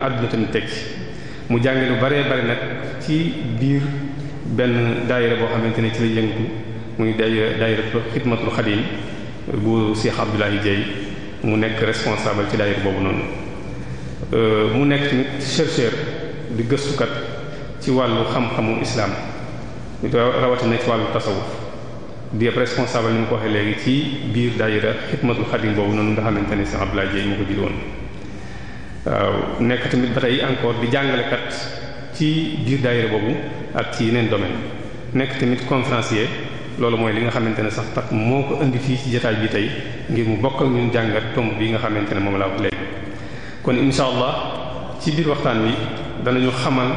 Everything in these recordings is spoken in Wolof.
àdduna tamit teg mu jànge lu baree bare nag ci biir benn daayira boo xamante ne ci la yëngu muy daayira daayira xidmatul xadim bu Cheikh Abdoulaye Dieye mu nekk responsable ci daayira boobu noonu euh, mu nekk nit chercheur di gëstukat ci wàllu xam-xamu islam rawatina ci wàllu tasawuf di responsable ni mu ko waxee léegi ci biir daayira xidmatul xadim boobu noonu nga xamante ne Cheikh Abdoulaye Dieye mu ko jël waaw nekk tamit ba tey encore di jàngalekat ci biir daayira boobu ak ci yeneen domaine nekk tamit conférencier loolu mooy li nga xamante ne sax pat moo ko indi fii ci jotaay bi tey ngir mu bokk ak ñun jàngat tomb bi nga xamante ne moom laa wax léegi kon insha allah ci biir waxtaan wi danañu xamal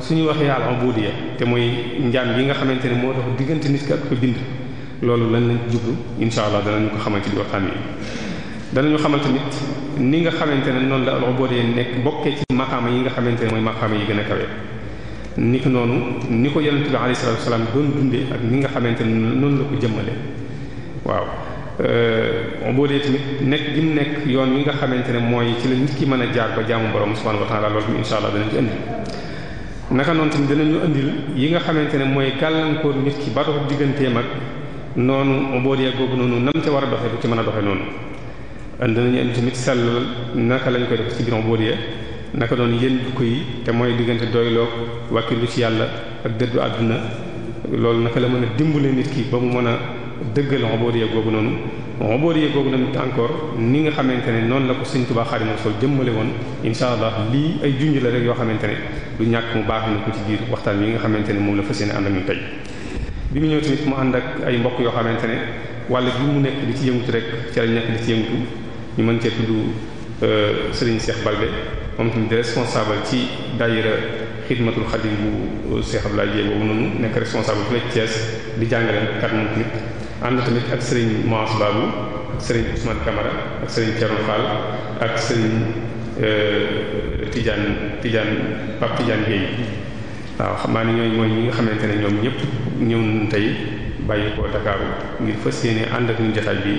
suñu waxee al-ubudiyya te mooy njaam yi nga xamante ne moo dox diggante nit ki ak ko bind loolu lan lañ jublu insha allah danañu ko xamal ci biir danañu xamante nit ni nga xamante ne noonu la al-ubudiyya nekk bokkee ci maqaama yi nga xamante ne mooy maqaama yi gën a kawe ni ki noonu ni ko yonent bi alayhi salaatu wasalaam doon ak ni nga xamante ne noonu la jëmmale waaw ubudiyya euh, tamit nekk gi mu nekk yoon wi nga xamante ne mooy ci la nit ki mën a jaar ba jaamu borom subhaanahu wa ta'aala loolu insha allah danañ ci indi naka noonu tamit danañu indil yi nga xamante ne mooy gàllankoor nit ki ba dox digganteem ak noonu ubudiyya googu noonu nam ca war a doxee du ci mën a doxee noonu indi nañu indi tamit sellal naka lañ koy def ci biir ubudiyya naka doon yéen jukko yi te mooy diggante doyloog wàkkilu ci yàlla ak dëddu àdduna loolu naka la mën a dimbale nit ki ba mu mën a dëggal ubudiyya googu noonu ubudiyya googu tamit encore ni nga xamante ne noonu la ko Sëriñ Tuubaa Xaadimu Rasuul jëmmale woon insha allah lii ay junj la rek yoo xamante ne du ñàkk mu baax na ko ci biir waxtaan wi nga xamante ne moom la fas yéene ànd ak ñun tey bi mu ñëw tamit mu ànd ak ay mbokk yoo xamante ne wala bi mu nekk di ci yëngutu rek ci la nekk di ci yëngutu ñu mën cee tudd euh, Serigne Cheikh Balde moom tamit di responsable ci daayira xidmatul xadim bu euh, Cheikh Abdoulaye Dieng boobu noonu nekk responsable fële Thiès di jàngale kat moom tamit ànd tamit ak Serigne Maas Babou ak Serigne Ousmane Camara ak Serigne Thierno Fall ak Serigne euh, Tidiane Tidiane Pape Tidiane Guèye waaw xam naa ne ñooy mooy ñi nga xamante ne ñoom ñëpp ñëw nañ tey. bàyyi koo Dakaaru ngir fas yéene ànd ak ñun jotaay bi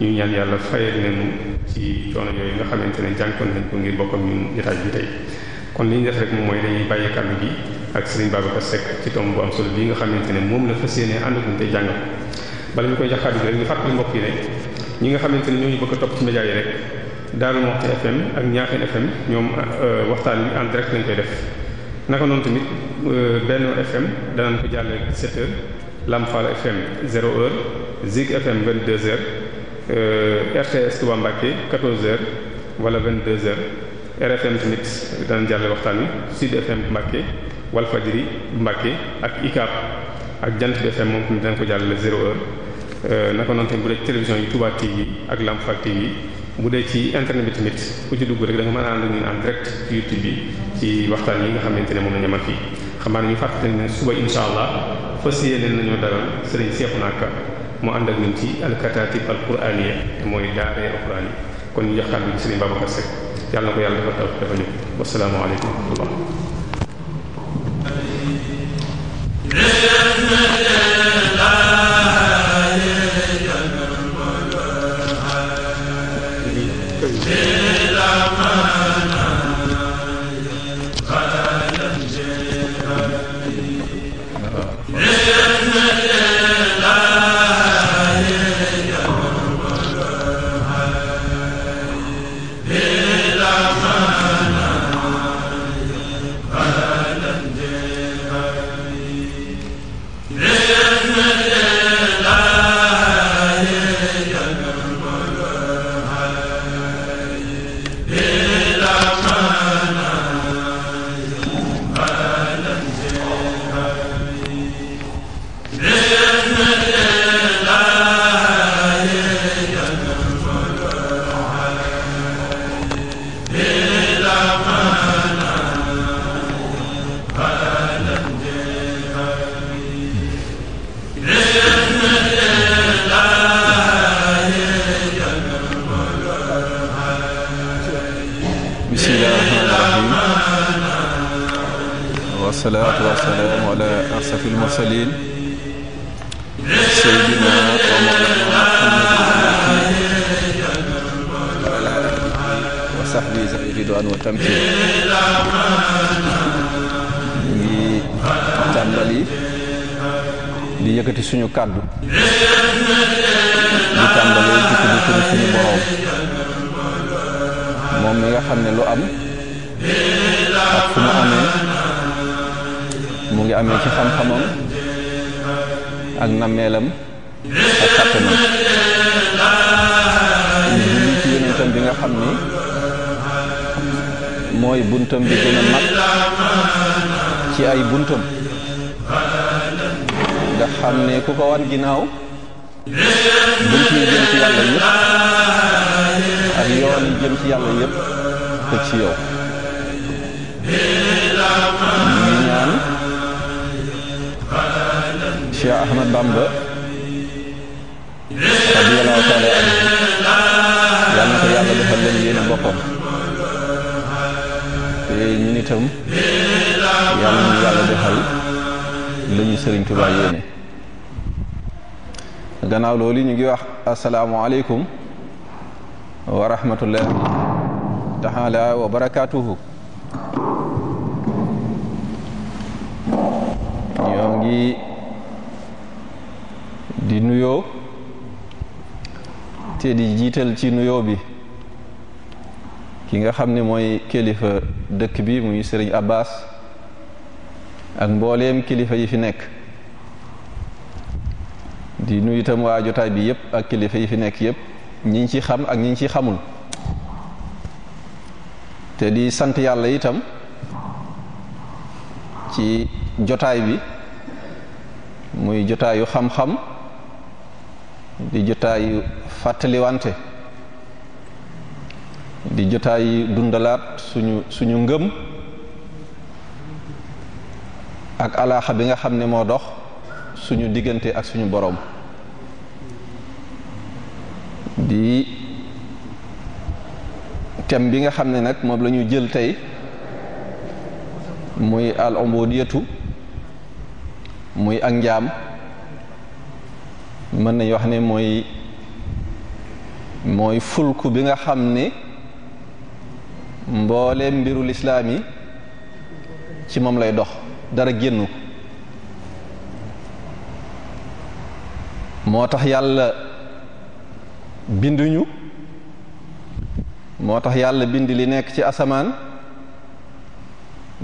ñu ñaan yàlla fayal nañu ci coono yooyu nga xamante ne jànkoon nañ ko ngir bokk ak ñun jotaay bi tey kon li ñu def rek moom mooy dañuy bàyyi gi ak Serigne Babacar Seck ci tomb bu am solo nga xamante ne moom la fas yéene ànd ak ñun tey jàngal bala ñu koy jox kàddu gi rek ñu fàttali mbokk yi ne ñi nga xamante ne ñooñu bëgg a topp ci média yi rek Darou Moukhty FM ak Niakhine FM ñoom euh, waxtaan wi en direct lañ koy def naka noonu tamit euh, benn FM danañ ko jàllale 7 heures Lamfal FM 0 heure Zig FM 22 heures euh, RTS Touba Mbacké 14 heures wala 22 heures RFM tamit dana jàlle waxtaan wi Sud FM Mbacké Walfadjri Mbacké ak ICAP ak Jant FM moom tamit dana ko jàllale 0 heure euh, naka noonu tamit bu dee ci télévision yi Touba TV ak Lamfal TV bu dee ci internet bi tamit ku ci dugg rek da mën a ànd ak ñun en direct ci YouTube bi ci waxtaan yi nga xamante ne moom la ñu fii. xam naa ñu fàttali ne suba incha allah fas yéene nañoo dalal sëriñ Seexuna Ka mu ànd ak ñun ci alkatatib alquraniya mooy daaree alquran kon ñu jox kàddu gi sëriñ Babacar yàlla na ko yàlla defal taw dafa ñëw wasalaamaaleykum wa rahmatullah. Yeah. bismillahi rahmaani rahiim wasalaatu wasalaamu ala asrafil mursaliin sayyidina wa mawlaana Muhammadin wa ala aalihi wa sahbihi zawi ridwaan wa tamkiin ngi tàmbali di yëkkati suñu kàddu di tàmbali di tudd suñu boroom moom mi nga xam ne lu am ak fu mu amee mu ngi amee ci xam-xamam ak nammeelam ak kàttanam bi nga xam ni mooy buntam bi gën a mag ci ay buntam nga xam ne ku ko wan ginnaaw bunt yi yoon jëm ci yàlla yëpp ko ci yow ñu ñaan Cheikh Ahmad Bamba radiyallahu taala anhu yal na ko yàlla defal leen yéene boppam te ñun itam yal na yàlla defal lu ñu Sëriñ Tuubaa yéene gannaaw loolu ñu ngi wax asalaamualeykum wa rahmatullah taala wa barakaatuhu ñoo di nuyoo te di jiital ci nuyoo bi ki nga xam ni mooy kilifa dëkk bi muy sëriñ Abbas ak mboolem kilifa yi fi nekk di nuyu itam waa jotaay bi yëpp ak kilifa yi fi nekk yëpp ñi ci xam ak ñi ci xamul te di sant yàlla itam ci jotaay bi muy jotaayu xam-xam di jotaayu fàttaliwante di jotaayu dundalaat suñu suñu ngëm ak alaaxa bi nga xam ni moo dox suñu diggante ak suñu boroom di thème bi nga xam ne nag moom la ñu jël tey muy al muy ak njaam mën nañu wax ne mooy mooy fulku bi nga xam ni mbooleem mbiru islaam yi ci moom lay dox dara génn ko moo tax yàlla binduñu moo tax yàlla bind li nekk ci asamaan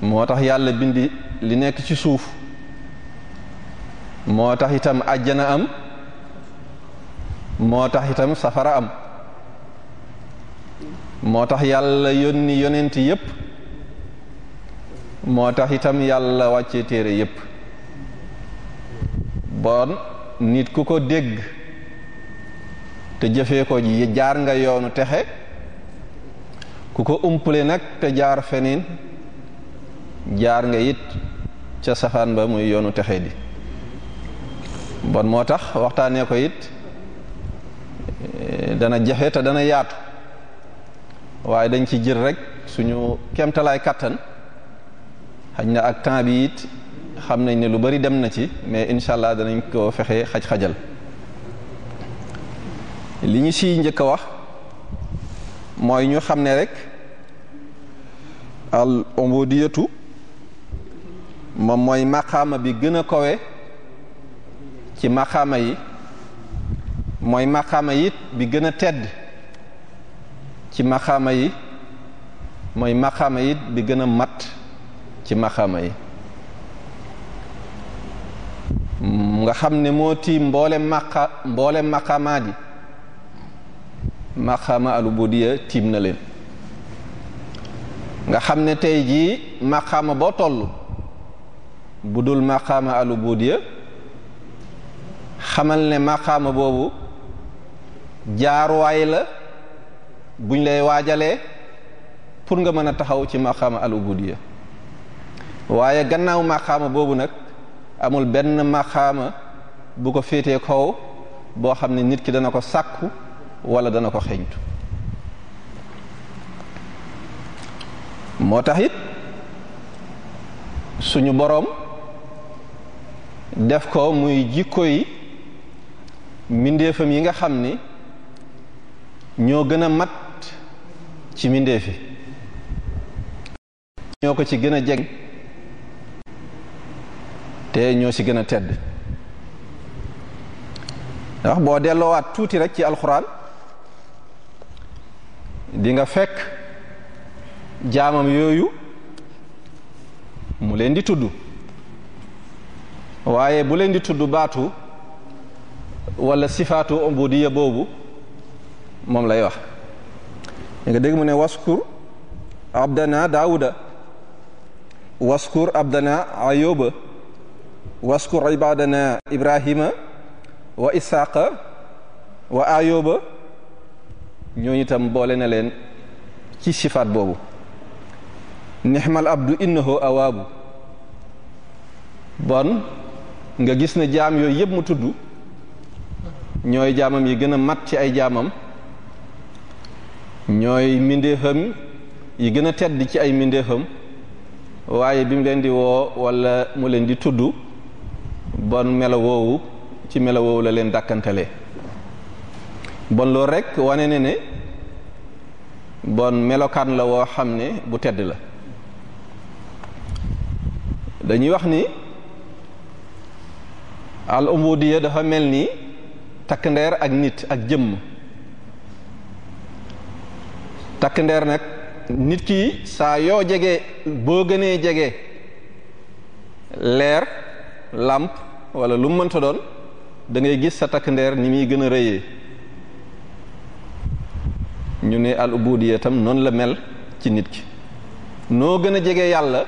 moo tax yàlla bind li nekk ci suuf moo tax itam àjjana am moo tax itam safara am moo tax yàlla yónni yonent yépp moo tax itam yàlla wàcce téere yépp bon nit ku ko dégg te jëfee ko ji jaar nga yoonu texe ku ko umpule nag te jaar fenin jaar nga it ca safaan ba muy yoonu texe di bon moo tax waxtaanee ko it eh, dana jafe te dana yaatu waaye dañ ci jël rek suñu kemtalaay kattan xañ na ak temps bi xam nañ ne lu bari dem na ci mais incha allah danañ ko fexe xaj-xajal li ñu siy njëkk a wax mooy ñu xam ne rek al ubudiyatu moom mooy maqaama bi gën a kowe ci maqaama yi mooy maqaama yi bi gën a tedd ci maqaama yi mooy maqaama yit bi gën a mat ci maqaama yi nga xam ne moo tiim mboole maqa mboole maqaamaat yi al ubudiyya tiim na leen nga xam ne tey jii maqaama boo tollu bu dul maqaama alu buudiya xamal ne maqaama boobu jaaruwaay la buñ lay waajalee pour nga mën a taxaw ci maqaama al ubudiyya waaye gannaaw maqaama boobu nag amul benn maqaama bu ko féetee kaw boo xam ne nit ki dana ko sàkku wala dana ko xeeñtu moo taxit suñu boroom def ko muy jikko yi mbindeefam yi nga xam ni ñoo gën a mat ci mbindeef ñoo ko ci gën a jeg te ñoo ci gën a tedd ndax boo delloowaat tuuti rek ci alxuraan di nga fekk jaamam yooyu mu leen di tudd waaye bu leen di tudd baatu wala sifaatu ubudiya boobu moom lay wax nga dégg mu ne waskur abdana daawuda waskur abdana ayoba waskur ibadana ibrahima wa isaaqa wa ayoba ñooñu itam boole na leen ci sifaat boobu nixmal abdu innahu awaabu bon nga gis ne jaam yooyu yépp mu tudd ñooy jaamam yi gën a mat ci ay jaamam ñooy mbindeefam yi gën a tedd ci ay mbindeefam waaye bi mu leen di woo wala mu leen di tudd bon melo woowu ci melo woowu la leen dàkkantale bon loolu rekk wane na ne bon melokaan la woo xam ne bu tedd la dañuy wax ni al dafa mel nii takk ndeer ak nit ak jëmm takk ndeer nag nit ki saa yoo jege boo gënee jege leer làmp walla lu mënta doon dangay gis sa takk ndeer ni muy gën a rëyee ñu ne al ubudiya tam noonu la mel ci nit ki noo gën jege yàlla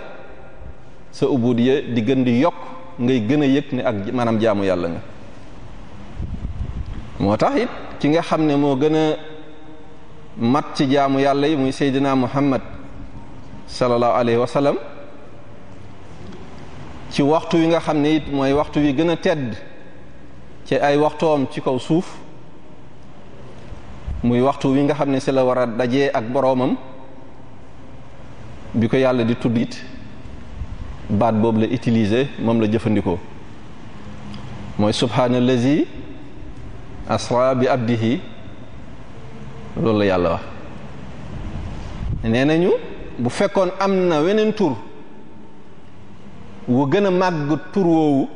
sa ubudiya di gën di yokk ngay gën a yëg ne ak manam jaamu yàlla nga moo tax it ki nga xam ne moo gën a mat ci jaamu yàlla yi muy seydina muhammad sallallahu alayhi wa ci waxtu wi nga xam ne it mooy waxtu wi gën a tedd ci ay waxtoom ci kaw suuf muy waxtu wi nga xam ne si la war a daje ak boroomam bi ko yàlla di tudd it baat boobu la utiliser moom la jëfandikoo mooy subhaanallazi asra bi abdihi loolu la yàlla wax nee nañu bu fekkoon am na weneen tur wu gën a màgg tur woowu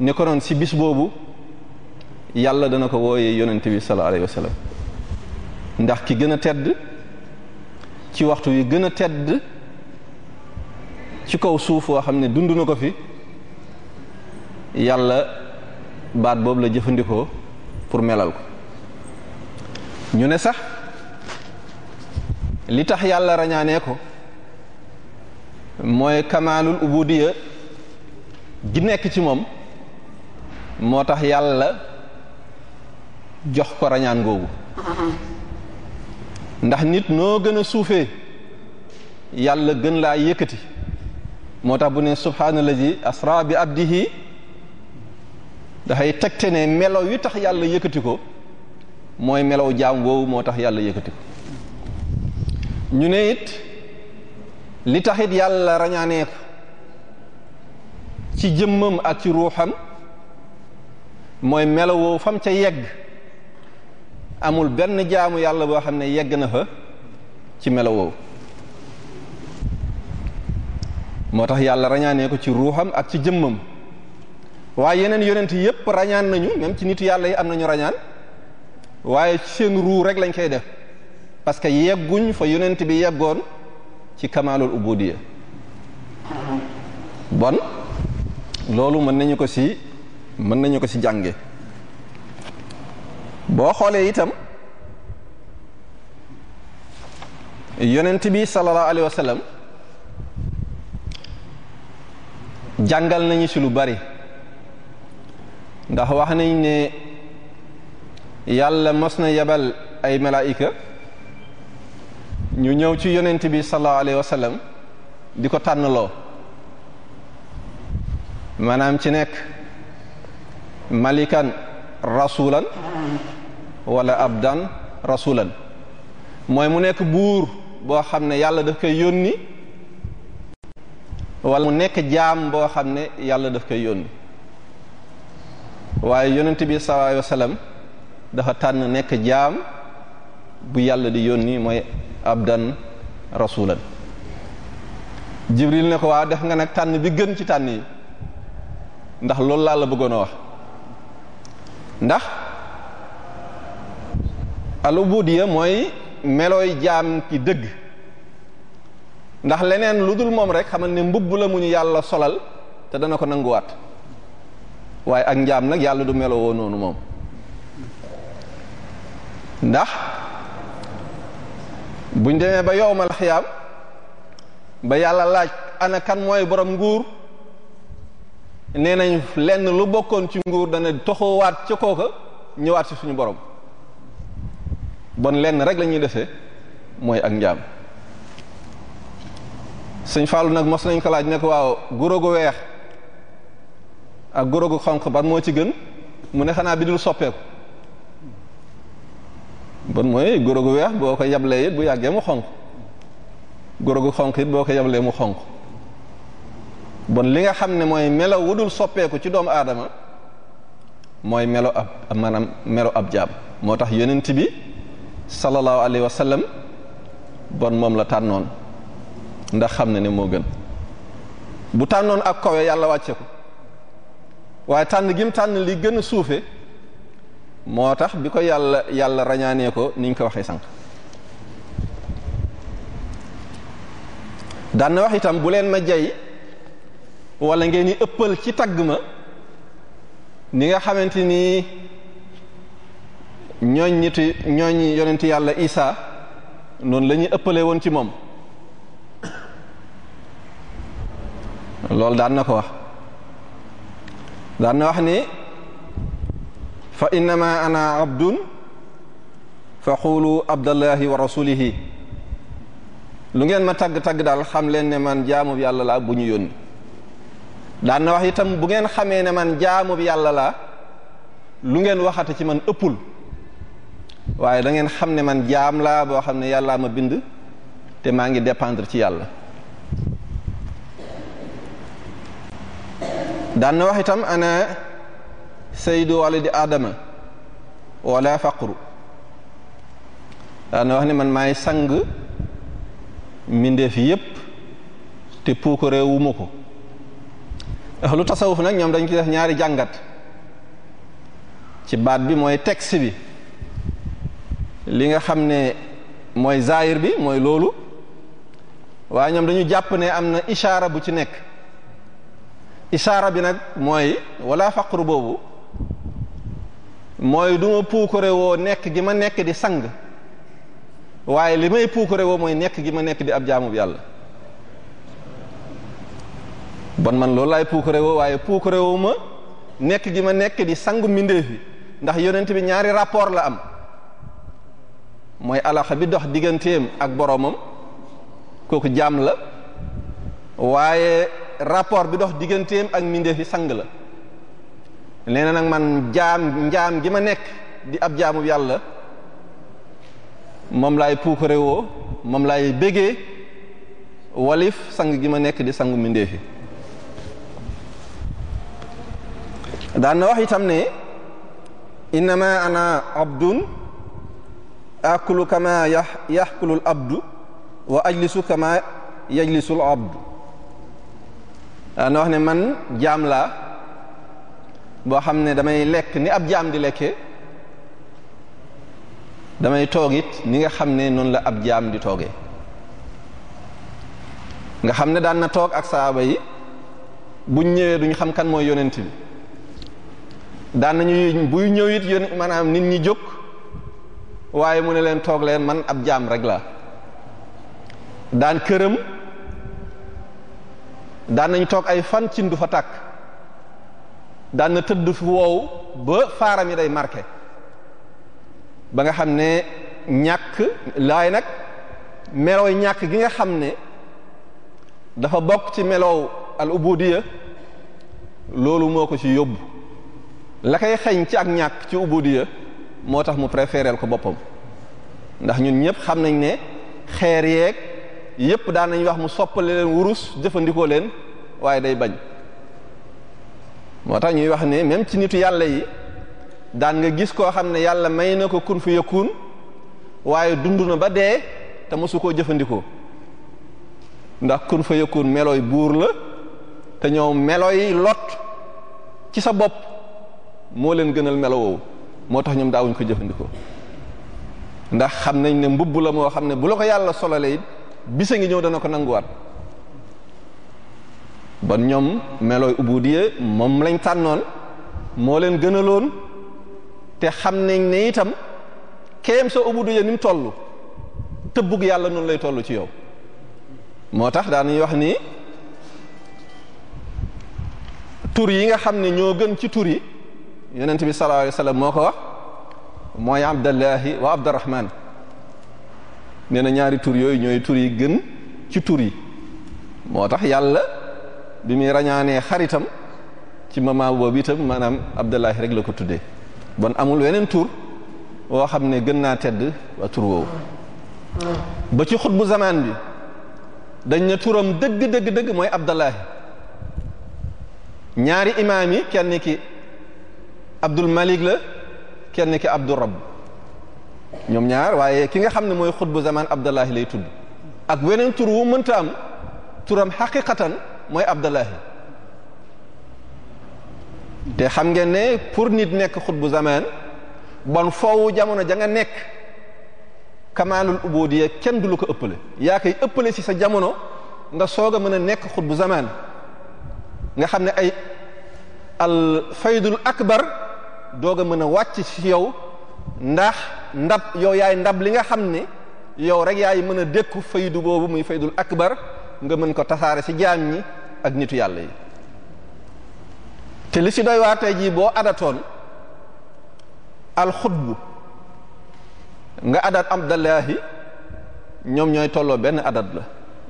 ne ko bis boobu yàlla dana ko wooyee yonent bi sallallahu alayhi wa ndax ki gën a tedd ci waxtu wi gën a tedd ci kaw suuf woo xam ne dund na ko fi yàlla baat boobu la jëfandikoo pour melal ko ñu ne sax li tax yàlla rañaanee ko mooy kamaalul ubudiya gi nekk ci moom moo tax yàlla jox ko rañaan googu ndax nit noo gën a suufee yàlla gën laa yëkkati moo tax bu ne ji asra bi abdihi dafay tegte ne melow yu tax yàlla yëkkati ko mooy melow jaam woowu moo tax yàlla yëkkati ko ñu ne it li taxit yàlla rañaanee ko ci jëmmam ak ci ruuxam mooy melowoo fam ca yegg amul benn jaamu yàlla boo xam ne yegg na fa ci melowoo moo tax yàlla rañaanee ko ci ruuxam ak ci jëmmam waaye yeneen yonent yépp rañaan nañu même ci nit yàlla yi am nañu rañaan waaye ci seen ruu rek lañ koy def parce que yegguñ fa yonent bi yeggoon ci kamaalul ubudiyya bon loolu mën nañu ko ci mën nañu ko ci jànge boo xoolee itam yonent bi sallallahu alayhi wa sallam jàngal nañu ci lu bari ndax wax nañ ne yàlla mos na yebal ay malaayika ñu ñëw ci yonent bi sallallahu alayhi wa di ko tànnloo maanaam ci nekk malikan rasulan wala abdan rasulan mooy mu nekk buur boo xam ne yàlla daf koy yónni wala mu nekk jaam boo xam ne yàlla def koy yónni waaye yonent bi sallallahu alayhi dafa tànn nekk jaam bu yàlla di yónni mooy abdan rasulan jibril ne ko waaw def nga nag tànn bi gën ci tànn yi ndax loolu laa la bëggoon a wax ndax al ubudiyya mooy melooy jaam ki dëgg ndax leneen lu dul moom rek xamal ne mbubb la mu ñu yàlla solal te dana ko nanguwaat waaye ak njaam nag yàlla du melowoo noonu moom ndax buñ demee ba yowmal xiyaam ba yàlla laaj ana kan mooy borom nguur nee nañ lenn lu bokkoon ci nguur dana toxowaat ca kooka ñëwaat si suñu borom bon lenn rek lañuy ñuy mooy ak njaam sëñ Fallou nag mos nañ ko laaj ne ko waaw guro gu weex ak guro gu xonq ban moo ci gën mu ne xanaa bi dul soppeeku bon mooy guro gu weex boo ko yablee it bu yàggee mu xonq guro gu xonq it boo ko yablee mu xonq bon li nga xam ne mooy melo wu dul soppeeku ci doomu aadama mooy melo ab maanaam melo ab jaam moo tax yonent bi sallallahu alayhi wa bon moom la tànnoon. ndax xam na ne moo gën bu tànnoon ak kawe yàlla wàcce ko waaye tànn gi mu tànn li gën suufe moo tax bi ko yàlla yàlla rañaanee ko ni ñu ko waxee sànq daan na wax itam bu leen ma jay wala ngeen di ëppal ci tagg ma ni nga xamante ni ñooñ ñiti ñooñ yàlla Isaa noonu lañuy ñuy ëppale woon ci moom loolu daan na ko wax daan na wax ni fa innama ana abdun fa xuulu abdallahi wa rasulihi lu ngeen ma tagg-tagg daal xam leen ne man jaamub yàlla la bu ñu yónni daan na wax itam bu ngeen xamee ne man jaamub yàlla laa lu ngeen waxate ci man ëppul waaye da ngeen xam ne man jaam laa boo xam ne yàllaa ma bind te maa ngi dépendre ci yàlla daan na wax itam ana sayyidu waladi aadama wala faqru daan na wax ne man maay sang mbindeef yépp te puukare wuma ko ahlu tasawuf nag ñoom dañ ci def ñaari jàngat ci baat bi mooy texte bi li nga xam ne mooy zaahir bi mooy loolu waaye ñoom dañu jàpp ne am na ishaara bu ci nekk isaara bi nag mooy wala faqru boobu mooy du ma puukare woo nekk gi ma nekk di sang waaye li may puukare woo mooy nekk gi ma nekk di ab jaamu bi yàlla bon man loolu laay puukare woo waaye puukare woo ma nekk gi ma nekk di sangu mbindeef yi ndax yonent bi ñaari rapport la am mooy alaxa bi dox digganteem ak boroomam kooku jaam la waaye rapport bi dox digganteem ak mbindeef yi sang la nee na nag man jaam njaam gi ma nekk di ab jaamu yàlla moom laay puukare woo moom laay bégee walif sang gi ma nekk di sangu mbindeef yi daan na wax itam ne innama ana abdun akulu kama yaxkulul abdu wa ajlisu kama yajlisul abdu Euh, na wax ne man jaam laa boo xam ne damay lekk ni ab jaam di lekkee damay toog ni nga xam ne noonu la ab jaam di toogee nga xam ne daan na toog ak saaba yi bu ñëwee duñ xam kan mooy yonent bi daan nañu buy ñëwit it yon nit ñi jóg waaye mu ne leen toog leen man ab jaam rek laa daan këram daan nañ toog ay fan cin du fa tàkk daan na tëdd fu woowu ba faaram yi day ba nga xam ne ñàkk laay nag melooy ñàkk gi nga xam ne dafa bokk ci meloow al ubudiya loolu moo ko ci yóbbu la koy xeeñ ci ak ñàkk ci ubudiya moo tax mu préféreel ko boppam ndax ñun ñëpp xam nañ ne xeer yeeg yépp daan nañuy wax mu soppale leen wurus jëfandikoo leen waaye day bañ moo tax ñuy wax ne même ci nitu yàlla yi daan nga gis koo xam ne yàlla may na ko kun fu waaye dund na ba dee te mosu koo jëfandikoo ndax kun fa yëkkun melooy buur la te ñoom melooy lot ci sa bopp moo leen gënal melo moo tax ñoom daawuñ ko jëfandikoo ndax xam nañ ne mbubb la moo xam ne bu la ko yàlla solalee it bisa ngi ñëw dana ko nanguwaat ba ñoom melooy ubudiye moom lañ tànnoon moo leen gënaloon te xam nañ ne itam kéem sa ubudiye ni mu toll tëbbug yàlla noonu lay toll ci yow moo tax daanuy wax nii tur yi nga xam ne ñoo gën ci tur yi yonent bi sallallahu alayhi wasallam moo ko wax mooy abdallahi wa abdurrahman nee na ñaari tur yooyu ñooy tur yi gën ci tur yi moo tax yàlla bi muy rañaanee xaritam ci mama boobu itam maanaam Abdullahi rek la ko tuddee bon amul weneen tur woo xam ne gën naa tedd waa tur ba ci xutbu zamaan bi dañ ne turam dëgg dëgg dëgg mooy Abdullahi ñaari imaam yi kenn ki Abdul Malik la kenn ki Abdul Rabb ñoom ñaar waaye ki nga xam ne mooy xutbu zaman Abdallahi lay tudd ak weneen tur wu mënta am turam xaqiqatan mooy Abdallahi te xam ngeen ne pour nit nekk xutbu zaman bon foowu jamono ja nga nekk kamaalul ubudiyya kenn du lu ko ëppale yaa koy ëppale si sa jamono nga soog a mën a nekk xutbu zaman nga xam ne ay al faydul akbar doog a mën a wàcc si yow ndax ndab yow yaay ndab li nga xam ni yow rek yaay mën a dékku faydu boobu muy faydul akbar nga mën ko tasaare ci jaam ñi ak nitu yàlla yi te li ci doy waar tey jii boo adatoon alxutbu nga adat abdallahi ñoom ñooy tolloo benn adat la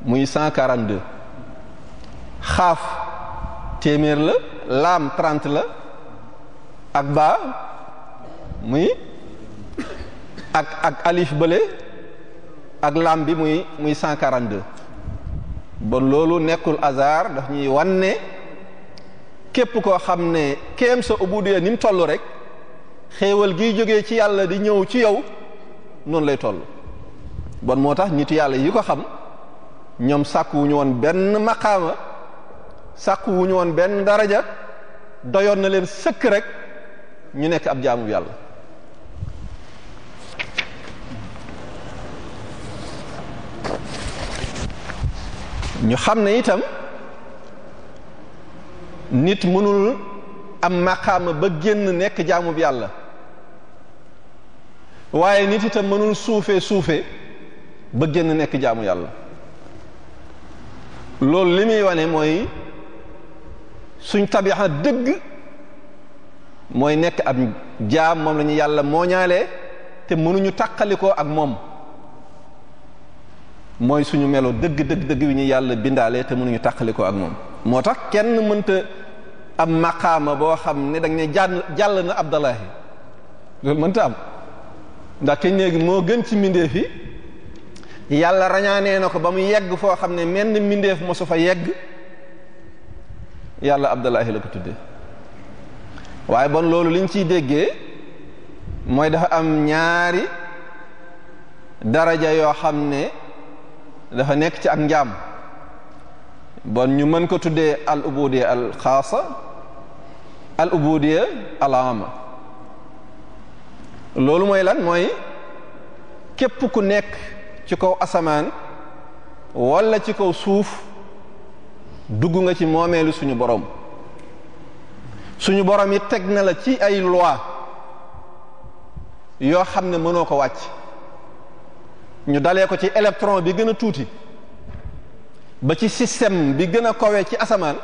muy 142 xaaf téeméer la laam 30 la ak baa muy ak ak alif bële ak lam bi muy muy cent quarante-deux ba loolu nekkul hasard daf ñuy wan ne képp koo xam ne kéem sa ubudiya ni mu toll rek xéewal gi jóge ci yàlla di ñëw ci yow noonu lay toll bon moo tax nit yàlla yi ko xam ñoom sàkkuwuñu woon benn maqaama sàkkuwuñu woon benn daraja doyoon na leen sëkk rek ñu nekk ab jaamu yàlla ñu xam ne itam nit mënul am maqaama ba génn nekk jaamub yàlla waaye nit itam mënul suufe suufe ba génn nekk jaamu yàlla loolu li muy wane mooy suñ tabixa dëgg mooy nekk ab jaam moom lañu yàlla mooñaalee te mënuñu takkalikoo ak moom mooy suñu melo dëgg dëgg dëgg yu ñu yàlla bindaale te mënuñu tàqali ko ak moom moo tax kenn mënta am maqaama boo xam ne da nga ne jàll jàll na Abdallahi loolu mënta am ndax keñ léegi moo gën ci mbindeef yi yàlla rañaanee na ko ba mu yegg foo xam ne menn mbindeef mosu fa yegg yàlla Abdallahi la ko tuddee waaye bon loolu liñ ciy déggee mooy dafa am ñaari daraja yoo xam ne. dafa nekk ci ak njaam bon ñu mën ko tuddee al ubudiya al xaasa al ubudiya al loolu mooy lan mooy képp ku nekk ci kaw asamaan wala ci kaw suuf dugg nga ci moomeelu suñu borom suñu borom yi teg na la ci ay loi yoo xam ne mënoo ko wàcc ñu dalee ko ci électron bi gën a tuuti ba ci système bi gën a kawe ci asamaan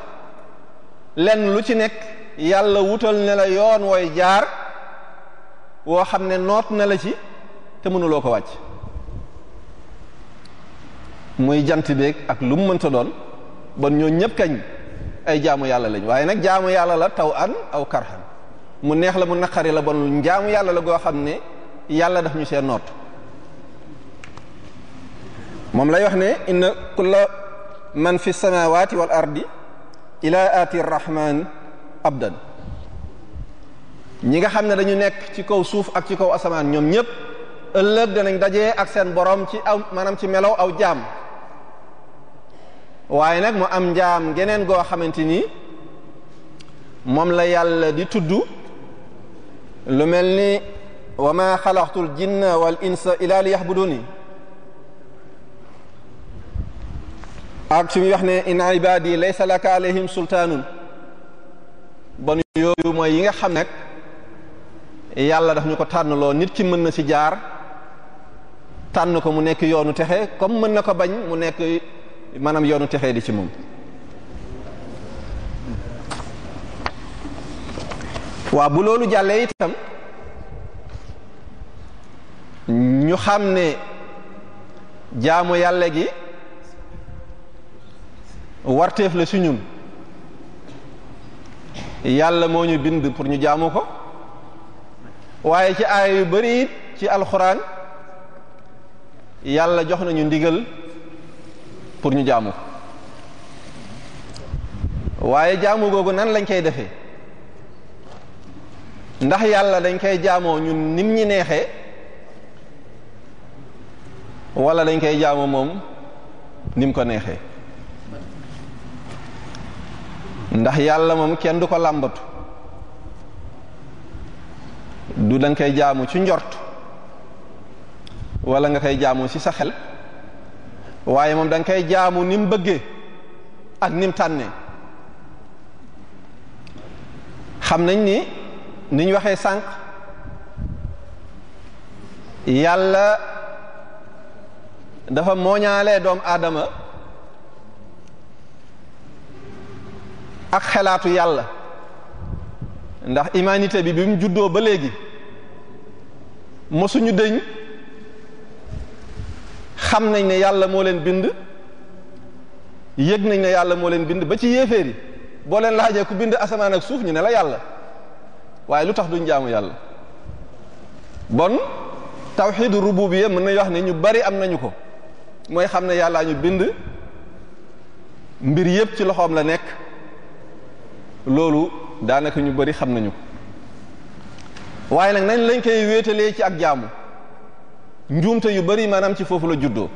lenn lu ci nekk yàlla wutal ne la yoon wooy jaar woo xam ne noot na la ci te mënuloo ko wàcc muy jant beeg ak lu mënta doon bon ñoo ñëpp kañ ay jaamu yàlla lañ waaye nag jaamu yàlla la taw an aw karhan mu neex la mu naqari la bon jaamu yàlla la goo xam ne yàlla daf ñu seen noot moom lay wax ne inna kulla man fi samawati wal ardi ila ati rahman abdan ñi nga xam ne dañu nekk ci kaw suuf ak ci kaw asamaan ñoom ñépp ëllëg danañ dajee ak seen boroom ci aw maanaam ci melow aw jaam waaye nag mu am njaam geneen goo xamante ni moom la yàlla di tudd lu mel ni wa ma xalaqtul jinna wal insa illa liyahbuduni ak suñuy wax ne in ibadi laysa laka alayhim sultaanun bon yooyu mooy yi nga xam nag yàlla daf ñu ko tànnloo nit ki mën na ci jaar tànn ko mu nekk yoonu texe comme mën na ko bañ mu nekk maanaam yoonu texe di ci moom waa bu loolu jàllee itam ñu xam ne jaamu yàlla gi warteef la si ñun yàlla moo ñu bind pour ñu jaamu ko waaye ci aaya yu bari it ci alxuraan yàlla jox nañu ndigal pour ñu jaamu ko waaye jaamu googu nan lañ koy defee ndax yàlla dañ koy jaamoo ñun nim ñi neexee wala dañ koy jaamoo moom nim ko neexee ndax yàlla moom kenn du ko làmbatu du da koy jaamu ci njort wala nga koy jaamu ci sa xel waaye moom da koy jaamu ni bëggee ak ni mu tànnee xam nañ ni ni waxee sànq yàlla dafa mooñaalee doomu aadama ak xelaatu yàlla ndax humanité bi bi mu juddoo ba léegi mosuñu dëñ xam nañ ne yàlla moo leen bind yëg nañ ne yàlla moo leen bind ba ci yéeféer yi boo leen laajee ku bind asamaan ak suuf ñu ne la yàlla waaye lu tax duñ jaamu yàlla bon tawxidu rububiyya mën nañu wax ne ñu bari am nañu ko mooy xam ne yàllaa ñu bind mbir yépp ci loxoom la nekk loolu daanaka ñu bari xam nañu waaye nag nañ lañ koy wéetalee ci ak jaamu njuumte yu bari maanaam ci foofu la juddoo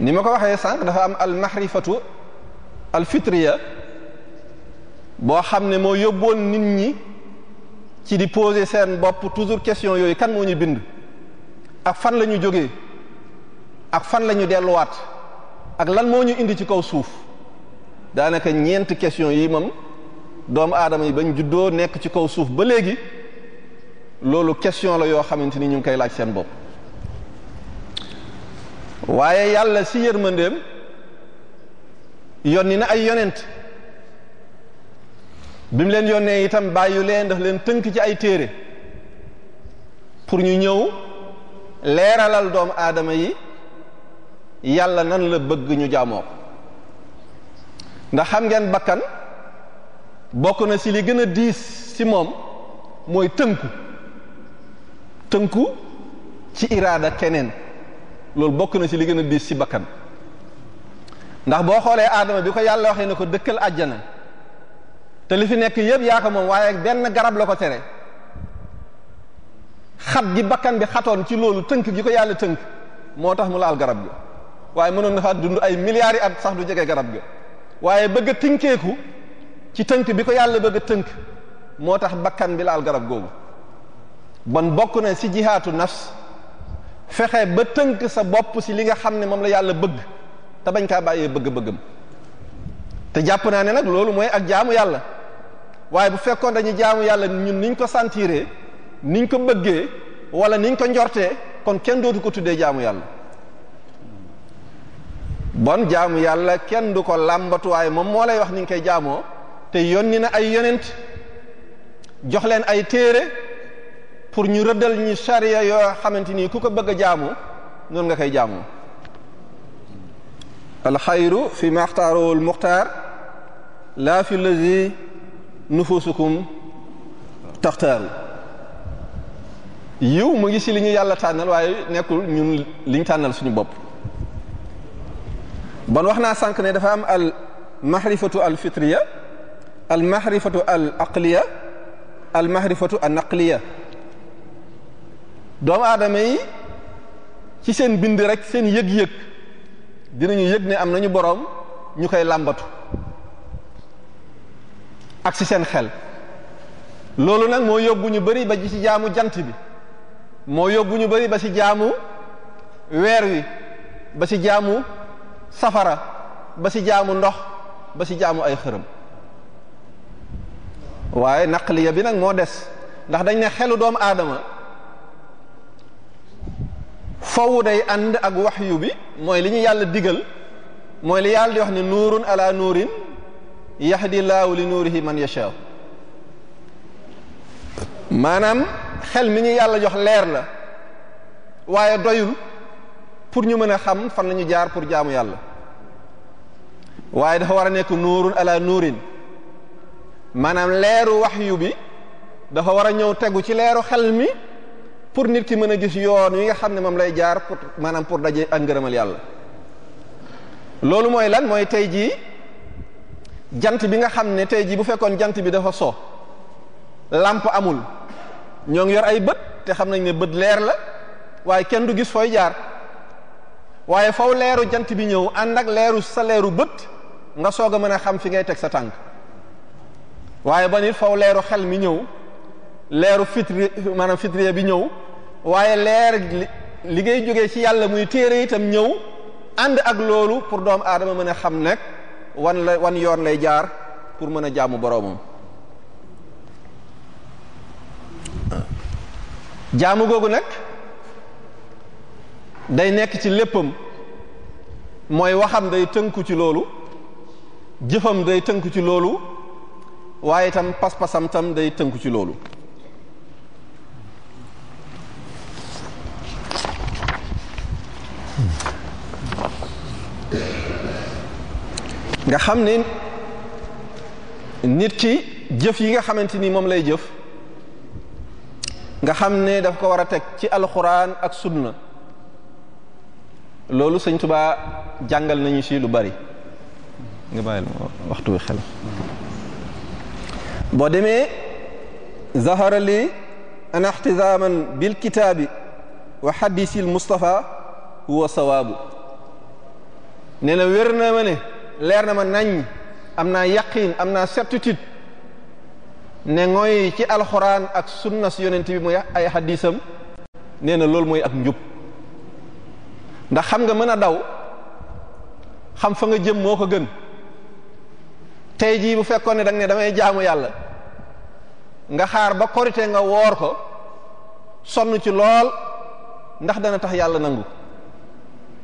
ni ma ko waxee sànq dafa am al mahrifatu al fitriya boo xam ne moo yóbboon nit ñi ci di poser seen bopp toujours question yooyu kan moo ñu bind ak fan la ñu jógee ak fan lañu delluwaat ak lan moo ñu indi ci kaw suuf daanaka ñeenti question yi moom doomu aadama yi bañ juddoo nekk ci kaw suuf ba léegi loolu question la yoo xamante ni ñu ngi koy laaj seen bopp waaye yàlla si yërmandeem yónni na ay yonent bi mu leen yonnee itam bàyyu leen daf leen tënk ci ay téere pour ñu ñëw leeralal doomu aadama yi yàlla nan la bëgg ñu jaamoo ko ndax xam ngeen bakkan bokk na ci li gën a diis ci moom mooy tënk tënku ci iraada keneen loolu bokk na ci li gën a diis ci bakkan ndax boo xoolee aadama bi ko yàlla waxee ne ko dëkkal àjjana te li fi nekk yépp yaa moom waaye benn garab la ko tere xat gi bakkan bi xatoon ci loolu tënk gi ko yàlla tënk moo tax mu laal garab gi waaye mënoon na fa dund ay milliards yi at sax du jege garab gi waaye bëgg a tënkeeku ci tënk bi ko yàlla bëgg a tënk moo tax bakkan bi laal garab googu bon bokk na si jihaatu nafs fexe ba tënk sa bopp si li nga xam ne moom la yàlla bëgg te bañ kaa bàyyee bëgg-bëggam te jàpp naa ne nag loolu mooy ak jaamu yàlla waaye bu fekkoon dañu jaamu yàlla ñun niñ ko sentiree niñ ko bëggee wala niñ ko njortee kon kenn dootu ko tuddee jaamu yàlla bon jaamu yàlla kenn du ko làmbatuwaay moom moo lay wax ni nga koy jaamoo te yoon ni na ay yonent jox leen ay téere pour ñu rëddal ñu sariya yoo xamante ni ku ko bëgg a jaamu noonu nga koy jaamoo alxayru fi maxtaarowul muxtaar laa fi lazi nufusukum taxtaaru yiw mu ngi ci li ñu yàlla tànnal waaye nekkul ñun liñ tànnal suñu bopp bon wax naa sànq ne dafa am al mahrifatu al fitriya al mahrifatu al aqliya al mahrifatu an naqliya doomu aadama yi ci seen bind rek seen yëg-yëg dinañu yëg ne am nañu boroom ñu koy làmbatu ak ci seen xel loolu nag moo yóbbu ñu bari ba ci jaamu jant bi moo yóbbu ñu bari ba ci jaamu weer wi ba ci jaamu safara ba ci jaamu ndox ba ci jaamu ay xërëm waaye naqliya bi nag moo des ndax dañ ne xelu doomu aadama faww day ànd ak waxyu bi mooy li ñu yàlla digal mooy li yàlla di wax ni nuurun ala yax di laahu li nuurihi man yashaa maanaam xel mi ñu yàlla jox leer la waaye doyul pour ñu mën a xam fan la ñu jaar pour jaamu yàlla waaye dafa war a nekk nuurun ala nuurin maanaam leeru waxyu bi dafa war a ñëw tegu ci leeru xel mi pour nit ki mën a gis yoon wi nga xam ne moom lay jaar pour maanaam pour daje ak ngërëmal yàlla loolu mooy lan mooy tey jii jant bi nga xam ne tey jii bu fekkoon jant bi dafa so lampe amul ñoo ngi yor ay bët te xam nañ ne bët leer la waaye kenn du gis fooy jaar waaye faw leeru jant bi ñëw ànd ak leeru sa leeru bët nga soog a mën a xam fi ngay teg sa tànk waaye ba nit faw leeru xel mi ñëw leeru fitri maanaam fitriya bi ñëw waaye leer li ngay jóge ci yàlla muy téere itam ñëw ànd ak loolu pour doomu aadama mën a xam nekk wan la wan yoon lay jaar pour mën a jaamu boroomam jaamu googu nag day nekk ci léppam mooy waxam day tënku ci loolu jëfam day tënku ci loolu waaye itam pas-pasam tam day tënku ci loolu nga xam ne nit ki jëf yi nga xamante ni moom lay jëf nga xam ne daf ko war a teg ci alxuraan ak sunna loolu sëñ tubaa jàngal nañu ci lu bari nga bàyyil waxtu wi xel boo demee zahara li an ihtizaman bil kitaabi wa xadisil mustafa huwa sawaabu nee na wér na ma ne leer na ma nañ am naa yaqin am naa certitude ne ngooy ci alxuraan ak sunna si yonent bi muy ay xadisam nee na loolu mooy ak njub ndax xam nga mën a daw xam fa nga jëm moo ko gën tey jii bu fekkoon ne da nga ne damay jaamu yàlla nga xaar ba korite nga woor ko sonn ci lool ndax dana tax yàlla nangu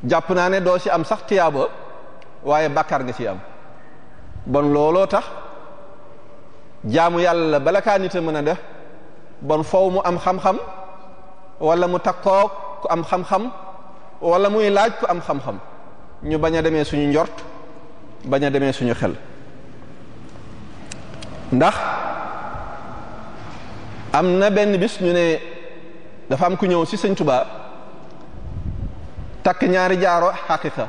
jàpp naa ne doo ci am sax tiyaaba waaye bàkkaar nga ci am bon looloo tax jaamu yàlla bala kaa nit a mën a def bon foow mu am xam-xam wala mu takkoog ku am xam-xam wala muy laaj ku am xam-xam ñu bañ a demee suñu njort bañ a demee suñu xel ndax am na benn bis ñu ne dafa am ku ñëw si sëñ Tuubaa takk ñaari jaaro xaqiqa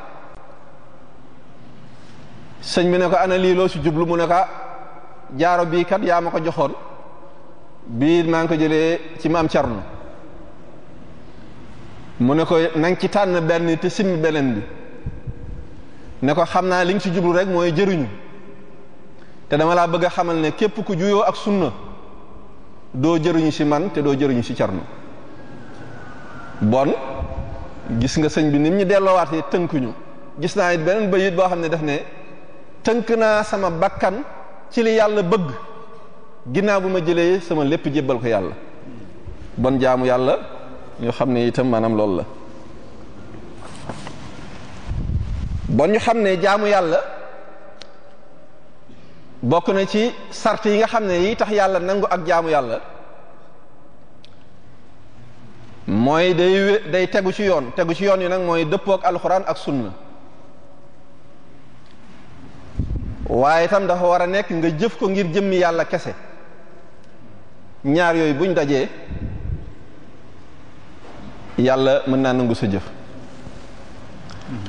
sëñ bi ne ko ana lii si jublu mu ne ko ah, jaaro bii kat yaa ko joxoon bii maa ngi ko jëlee ci maam Cerno mu ne ko na ci tànn benn te simmi beneen bi ne ko xam naa li ci jublu rek mooy jëriñu te dama laa bëgg a xamal ne képp ku juyoo ak sunna doo jëriñu ci man te doo jëriñu ci carnu bon gis nga sëñ bi nim ñu delloowaatee tënkuñu gis naa it beneen bayit boo xam ne daf ne tënk naa sama bakkan ci li yàlla bëgg ginnaaw bu ma jëlee sama lépp jébbal ko yàlla bon jaamu yàlla ñu xam ne itam maanaam loolu la bon ñu xam ne jaamu yàlla bokk na ci sart yi nga xam ne yi tax yàlla nangu ak jaamu yàlla mooy day day tegu ci yoon tegu ci yoon yi nag mooy dëppook alxuraan ak sunna waaye itam dafa war a nekk nga jëf ko ngir jëmmi yàlla kese ñaar yooyu buñ dajee yàlla mën naa nangu sa jëf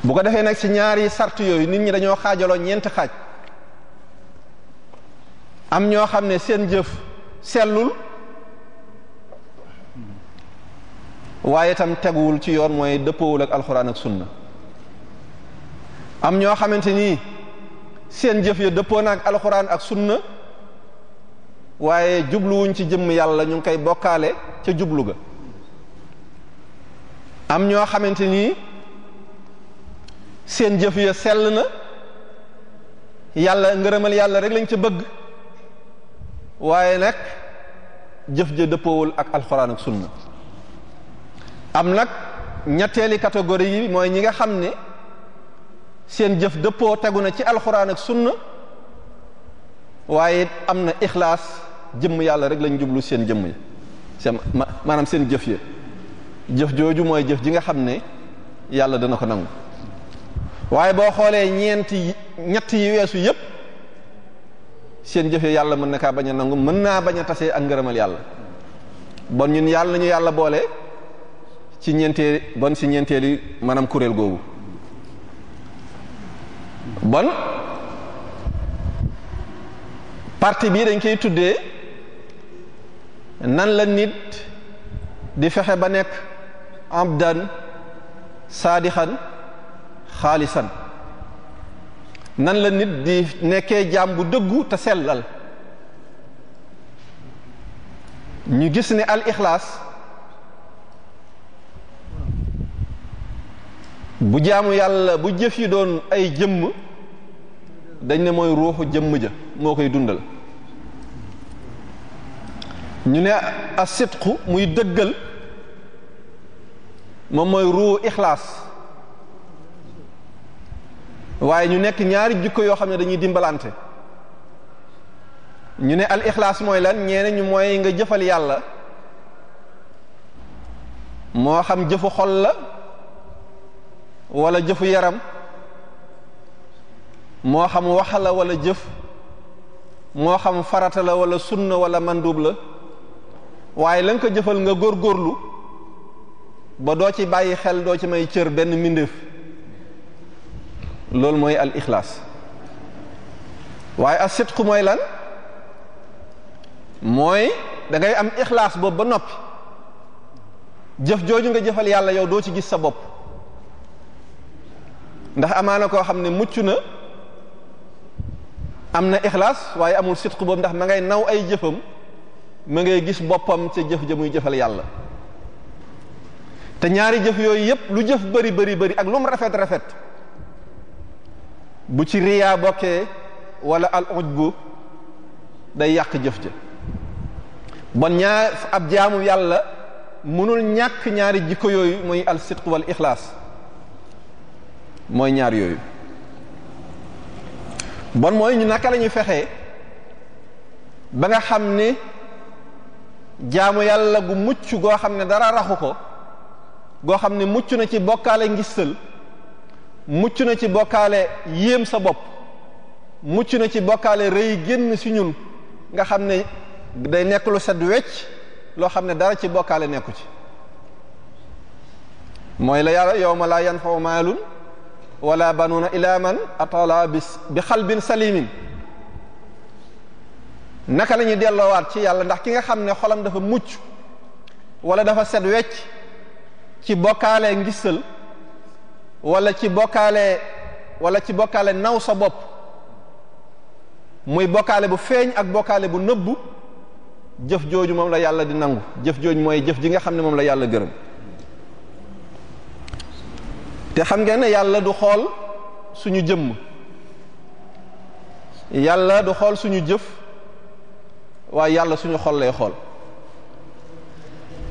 bu ko defee nag ci ñaari sart yooyu nit ñi dañoo xaajaloo ñeenti xaaj am ñoo xam ne seen jëf sellul waaye itam teguwul ci yoon mooy dëppoowul ak alxuraan ak sunna am ñoo xamante nii seen jëf ya dëppoo na alxuraan ak sunna waaye jubluwuñ ci jëmm yàlla ñu ngi koy bokkaale ca jublu ga am ñoo xamante ni seen jëf ya sell na yàlla ngërëmal yàlla rek lañ ci bëgg waaye nag jëf ja dëppoowul ak alxuraan ak sunna am nag ñetteeli catégorie yi mooy ñi nga xam ne seen jëf dëppoo tegu na ci alxuraan ak sunna waaye am na ixlaas jëmm yàlla rek lañu jublu seen jëmm yi maanaam seen jëf ya jëf jooju mooy jëf ji nga xam ne yàlla dana ko nangu waaye boo xoolee ñeenti ñett yi weesu yépp seen jëfe yàlla mën na kaa bañ a nangu mën naa bañ a tasee ak ngërëmal yàlla bon ñun yàlla nañu yàlla boole ci ñeenteel bon ci ñeenteeli maanaam kuréel googu bon parti bii dañ koy tuddee nan la nit di fexe ba nekk abdan saadixan xaalisan nan la nit di nekkee jaam bu dëggu te sellal ñu gis ni al ixlaas bu jaamu yàlla bu jëf yi doon ay jëmm dañ ne mooy ruuxu jëmm ja moo koy dundal ñu ne as muy dëggal moom mooy ruu ixlaas waaye ñu nekk ñaari jikko yoo xam ne dañuy dimbalante ñu ne al ixlaas mooy lan ñeene ñu mooy nga jëfal yàlla moo xam jëfu xol la wala jëfu yaram moo xam wax la wala jëf moo xam farata la wala sunna wala mandub la waaye la ko jëfal nga góor góorlu ba doo ci bàyyi xel doo ci may cër benn mbindeef loolu mooy al ixlaas waaye as sidqu mooy lan mooy dangay am ixlaas boobu ba noppi jëf jooju nga jëfal yàlla yow doo ci gis sa bopp ndax amaana koo xam ne mucc na am na ixlaas waaye amul sidqu boobu ndax ma ngay naw ay jëfam ma ngay gis boppam ca jëf ja muy jëfal yàlla te ñaari jëf yooyu yépp lu jëf bari bari bari ak lu mu rafet rafet bu ci riyaa bokkee walla al ujbu day yàq jëf ja bon ñaar ab jaamu yàlla mënul ñàkk ñaari jikko yooyu muy al sidq wal ixlaas mooy ñaar yooyu bon mooy ñu naka la ñuy fexee ba nga xam ni jaamu yàlla gu mucc goo xam ne dara raxu ko goo xam ne mucc na ci bokkaale ngistal mucc na ci bokkaale yéem sa bopp mucc na ci bokkaale rëy génn si ñun nga xam ne day nekk lu sedd wecc loo xam ne dara ci bokkaale nekku ci mooy la yàlla yow ma laa yan faw maalun wala banuuna ila man atala bi bi xalbin salimin naka la ñuy delloowaat ci yàlla ndax ki nga xam ne xolam dafa mucc wala dafa set wecc ci bokkaale ngistal walla ci bokkaale walla ci bokkaale naw sa bopp muy bokkaale bu feeñ ak bokkaale bu nëbbu jëf jooju moom la yàlla di nangu jëf jooju mooy jëf ji nga xam ne moom la yàlla gërëm te xam ngeen ne yàlla du xool suñu jëmm yàlla du xool suñu jëf waaye yàlla suñu xol lay xool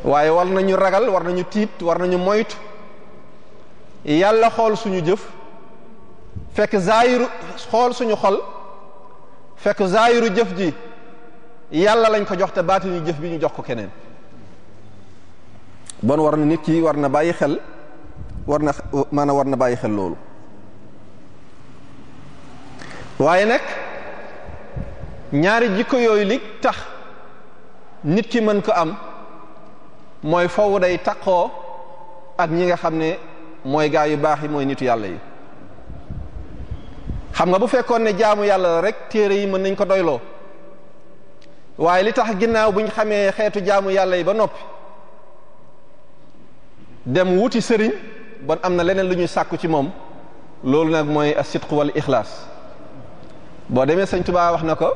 waaye war nañu ragal war nañu tiit war nañu moytu yàlla xool suñu jëf fekk zaayiru xool suñu xol fekk zaayiru jëf ji yàlla lañ ko jox te baatinu jëf bi ñu jox ko keneen bon war na nit ki war na bàyyi xel war na maanaam war na bàyyi xel loolu waaye nag ñaari jikko yooyu li tax nit ki mën ko am mooy foofu day taqoo ak ñi nga xam ne mooy gaa yu baax yi mooy nitu yàlla yi xam nga bu fekkoon ne jaamu yàlla rek téere yi mën nañ ko doyloo waaye li tax ginnaaw buñ xamee xeetu jaamu yàlla yi ba noppi dem wuti sëriñ ban am na leneen lu ñuy sàkku ci moom loolu nag mooy as-sidq wal ixlaas boo demee sëñ Tuubaa wax na ko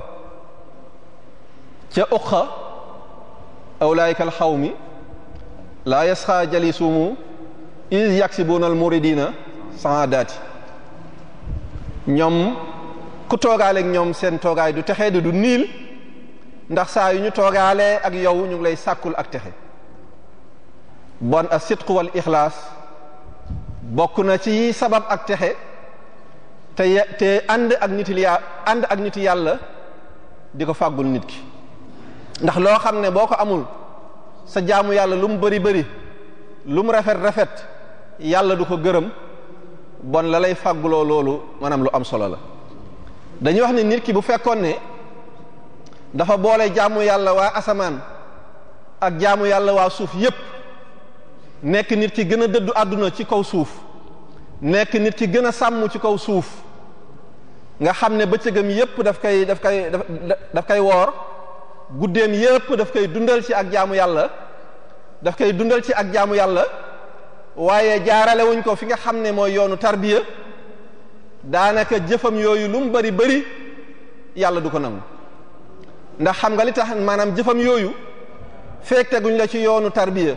ca uqa awlaayikal xaw mi laa yasxaa jalisumu is yaksibuna al muridina saadaati ñoom ku toogaaleek ñoom seen toogaay du texe di du niil ndax saa yu ñu toogaalee ak yow ñu ngi lay sàkkul ak texe bon a sidq ixlaas bokk na ci sabab ak texe te te ànd ak nit yàlla di ko fàggul nit ki ndax loo xam ne boo ko amul sa jaamu yàlla lu mu bari bari lu mu rafet rafet yàlla du ko gërëm bon la lay fàgguloo loolu maanaam lu am solo la dañuy wax ne nit ki bu fekkoon ne dafa boole jaamu yàlla waa asamaan ak jaamu yàlla waa suuf yépp nekk nit ki gën a dëddu àdduna ci kaw suuf nekk nit ki gën a sàmm ci kaw suuf nga xam ne bëccëgam yépp daf kay daf koy daf koy woor guddeem yépp daf koy dundal ci ak jaamu yàlla daf koy dundal ci ak jaamu yàlla waaye jaarale wuñ ko fi nga xam ne mooy yoonu tarbiya daanaka jëfam yooyu lu mu bari bari yàlla du ko nangu ndax xam nga li tax maanaam jëfam yooyu fekk teguñ la ci yoonu tarbiya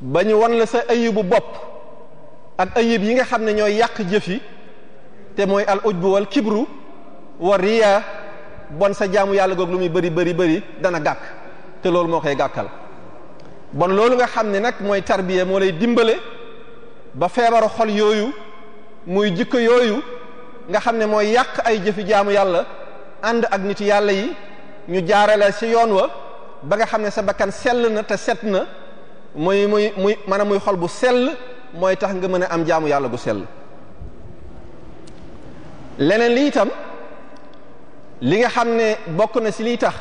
ba ñu wan la sa ayibu bopp ak ayib yi nga xam ne ñooy yàq jëf yi te mooy al ujbu kibru wa riya bon sa jaamu yàlla goog lu muy bari bëri bëri dana gàkk te loolu moo koy gàkkal bon loolu nga xam ne nag mooy tarbiya moo lay dimbale ba feebaru xol yooyu muy jikko yooyu nga xam ne mooy yàq ay jëfi jaamu yàlla ànd ak nit yàlla yi ñu jaarale si yoon wa ba nga xam ne sa bakkan sell na te set na muy muy muy maanaam muy xol bu sell mooy tax nga mën a am jaamu yàlla gu sell leneen li itam li nga xam ne bokk na ci liy tax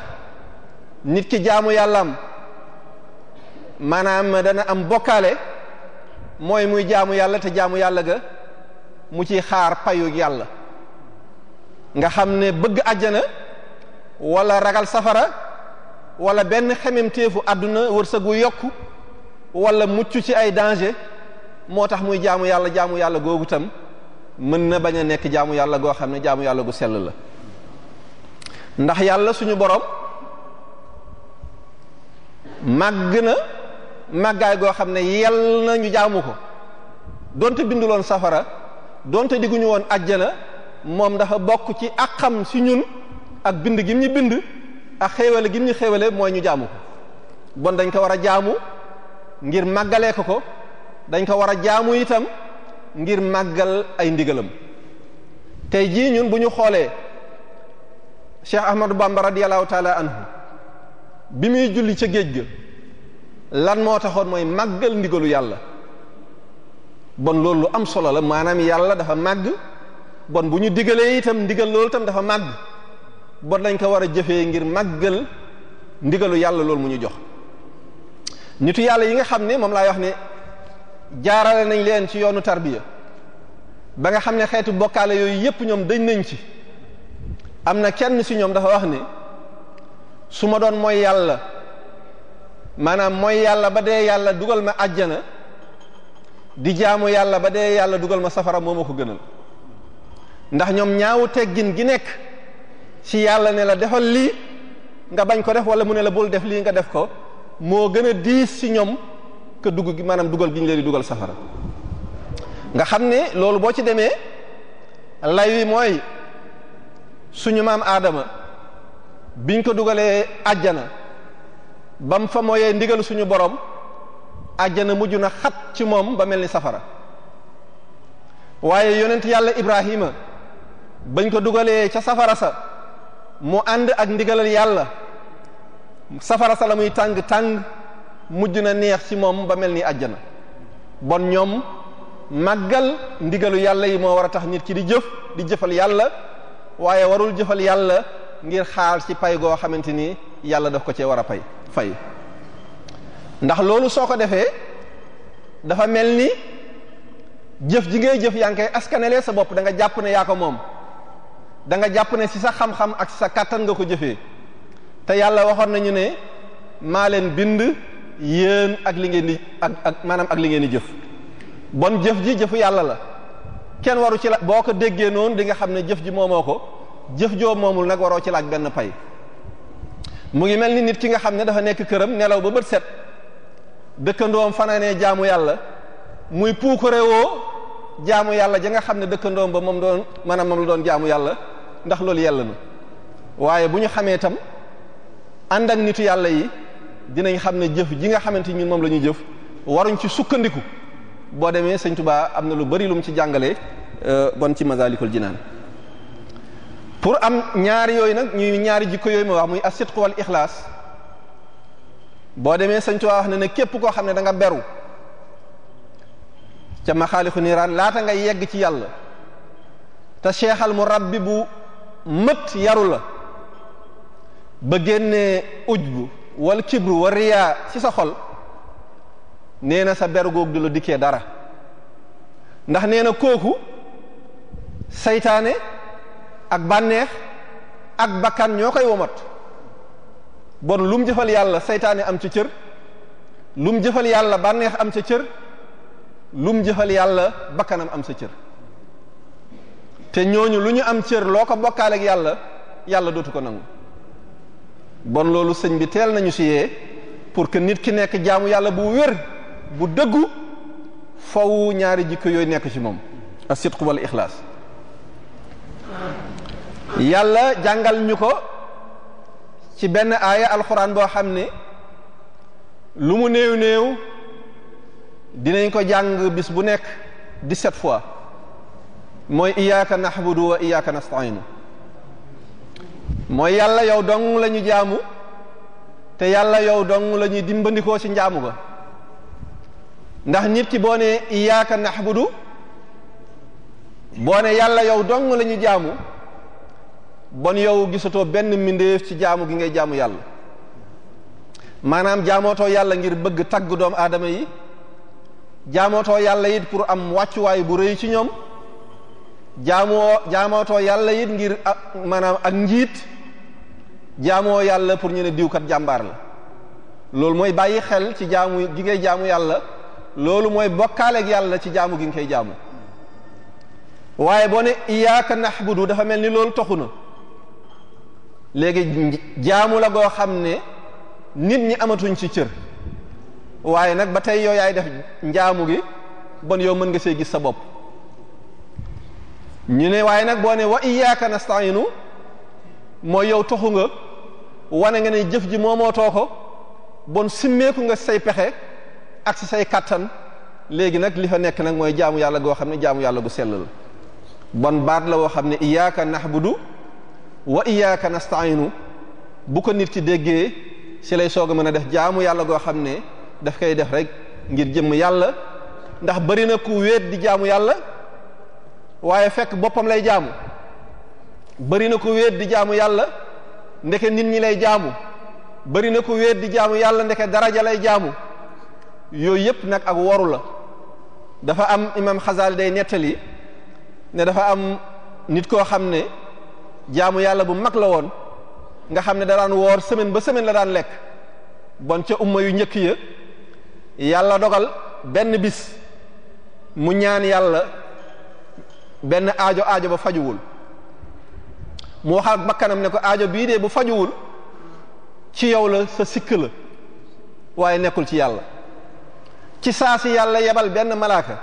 nit ki jaamu yàllaam maanaam dana am bokkaale mooy muy jaamu yàlla te jaamu yàlla ga mu ci xaar payu yàlla nga xam ne bëgg àjjana wala ragal safara wala benn xememteefu àdduna wërsëgu yokk wala mucc ci ay dange moo tax muy jaamu yàlla jaamu yàlla googu tam mën na bañ nekk jaamu yàlla goo xam ne jaamu yàlla gu sell la ndax yàlla suñu borom màgg na màggaay goo xam ne yal na ñu jaamu ko donte binduloon safara donte digguñu woon ajjana moom dafa bokk ci ak xam si ñun ak bind gim ñu bind ak xéewale gim ñu xéewale mooy ñu jaamu ko bon dañ ko war a jaamu ngir màggalee ko ko dañ ko war a jaamu itam ngir màggal ay ndigalam tey jii ñun bu ñu xoolee Cheikh Ahmadou Bamba radiyallahu taala anhu bi muy julli ca géej ga lan moo taxoon mooy màggal ndigalu yàlla bon loolu am solo la maanaam yàlla dafa màgg bon bu ñu digalee itam ndigal loolu tam dafa màgg bon lañ ko war a jëfee ngir màggal ndigalu yàlla loolu mu ñu jox nitu yàlla yi nga xam ne moom laay wax ne jaarale nañ leen ci yoonu tarbiya ba nga xam ne xeetu bokkaale yooyu yépp ñoom dañ nañ ci am na kenn ci ñoom dafa wax ni su ma doon mooy yàlla maanaam mooy yàlla ba dee yàlla dugal ma àjjana di jaamu yàlla ba dee yàlla dugal ma safara moo ma ko gënal ndax ñoom ñaawu teggin gi nekk ci yàlla ne la defal lii nga bañ ko def wala mu ne la bul def lii nga def ko moo gën a diis ci ñoom que dugg gi maanaam dugal gi ñu leen di dugal safara nga xam ne loolu boo ci demee lay wi mooy suñu maam aadama biñ ko dugalee ajjana bam fa mooyee ndigal suñu borom ajjana mujj na xat ci moom ba mel ni safara waaye yonent yàlla ibrahima bañ ko dugalee ca safara sa mu ànd ak ndigalal yàlla safara sa la muy tàng tàng mujj na neex ci moom ba mel ni ajjana bon ñoom màggal ndigalu yàlla yi moo war a tax nit ki di jëf di jëfal yàlla waaye warul jëfal yàlla ngir xaar ci pay goo xamante ni yàlla daf ko cee war a pay fay ndax loolu soo ko defee dafa mel ni jëf ji ngay jëf yaa ngi koy sa bopp danga nga jàpp ne yaa ko moom danga jàpp ne ci sa xam-xam ak sa kàttan nga ko jëfee te yàlla waxoon nañu ne maa leen bind yéen ak li ngeen di ak maanaam ak li ngeen di jëf bon jëf ji jëfu yàlla la kenn waru ci laaj boo ko déggee noonu di nga xam ne jëf ji moomoo ko jëf joo moomul nag waroo ci laaj benn pay mu ngi mel ni nit ki nga xam ne dafa nekk këram nelaw ba bët set dëkkandoom fanaanee jaamu yàlla muy puukarewoo jaamu yàlla ja nga xam ne dëkkandoom ba moom doon maanaam moom la doon jaamu yàlla ndax loolu yàlla na waaye bu ñu xamee itam ànd nitu yàlla yi dinañ xam ne jëf ji nga xamante ñun moom la jëf waruñ ci sukkandiku boo demee sëñ am na lu bari lum mu ci jàngalee euh, bon ci Masaalikul Jinaan pour am ñaari yooyu nag ñuy ñaari jikko yooyu ma wax muy as-sidq wal ixlaas boo demee sëñ Touba wax na ne képp koo xam ne danga beru ca maxaalixu niiraan laata nga yegg ci yàlla te seexal mu rabbi bu mët yaru la ba génnee ujbu wal kibru wa riyaa ci sa xol nee na sa bergoog du la dikkee dara ndax nee na kooku saytaane ak bànneex ak bakkan ñoo koy womat bon lu jëfal yàlla seytaane am ca cër lu jëfal yàlla bànneex am ca cër lu jëfal yàlla bakkanam am sa cër te ñooñu lu ñu am cër loo ko bokkaale yàlla yàlla dootu ko nangu bon loolu sëñ bi teel nañu si yee pour que nit ki nekk jaamu yàlla bu wér bu dëggu fow ñaari jikko yooyu nekk ci moom as-sidq wal ixlaas yàlla jàngal ñu ko ci benn aaya alxuraan boo xam ne lu mu néew néew dinañ ko jàng bis bu nekk dix-sept fois mooy iyyaka na'budu wa iyyaka nasta'inu mooy yàlla yow dong la ñu jaamu te yàlla yow dong la ñuy dimbandikoo ci njaamu ga ndax nit boone boo ne iyyaka nahbudu boo ne yàlla yow dong la ñu jaamu bon yow gisatoo benn mbindeef ci jaamu gi ngay jaamu yàlla maanaam jaamootoo yàlla ngir bëgg tagg doom aadama yi jaamootoo yàlla it pour am wàccuwaay bu rëy ci ñoom jaamoo jaamootoo yàlla yit ngir maanaam ak njiit jaamoo yàlla pour ñu ne diwkat jàmbaar la loolu mooy bàyyi xel ci jaamu gi ngay jaamu yàlla loolu mooy bokkaaleeg yàlla ci jaamu gi nga koy jaamu waaye boo ne iyyaka nahbudu dafa mel ni loolu toxu na léegi jaamu la goo xam ne nit ñi amatuñ ci cër waaye nag ba tey yow yaay def njaamu gi bon yow mën nga see gis sa bopp ñu ne waaye nag boo ne wa iyyaka nasta'inu mooy yow toxu nga wane nga ne jëf ji moomootoo ko bon simmeeku nga say pexe ak si say kàttan léegi nag li fa nekk nag mooy jaamu yàlla goo xam ne jaamu yàlla gu sell la bon baat la woo xam ne nax bu du wa iyyaka nasta'inu bu ko nit ci déggee si lay soog a mën a def jaamu yàlla goo xam ne daf koy def rek ngir jëmm yàlla ndax bari na ku wéet di jaamu yàlla waaye fekk boppam lay jaamu bari na ku wéet di jaamu yàlla ndeke nit ñi lay jaamu bari na ku wéet di jaamu yàlla ndeke daraja lay jaamu yooyu yëpp nag ak woru la dafa am imam Xasaali day nettali ne dafa am nit koo xam ne jaamu yàlla bu mag la woon nga xam ne da daan woor semaine ba semaine la daan lekk bon ca umma yu njëkk ya yàlla dogal benn bis mu ñaan yàlla benn aajo aajo ba fajuwul mu wax ak bakkanam ne ko aajo bii dee bu fajuwul ci yow la sa sikk la waaye nekkul ci yàlla ci saa si yàlla yebal benn malaaka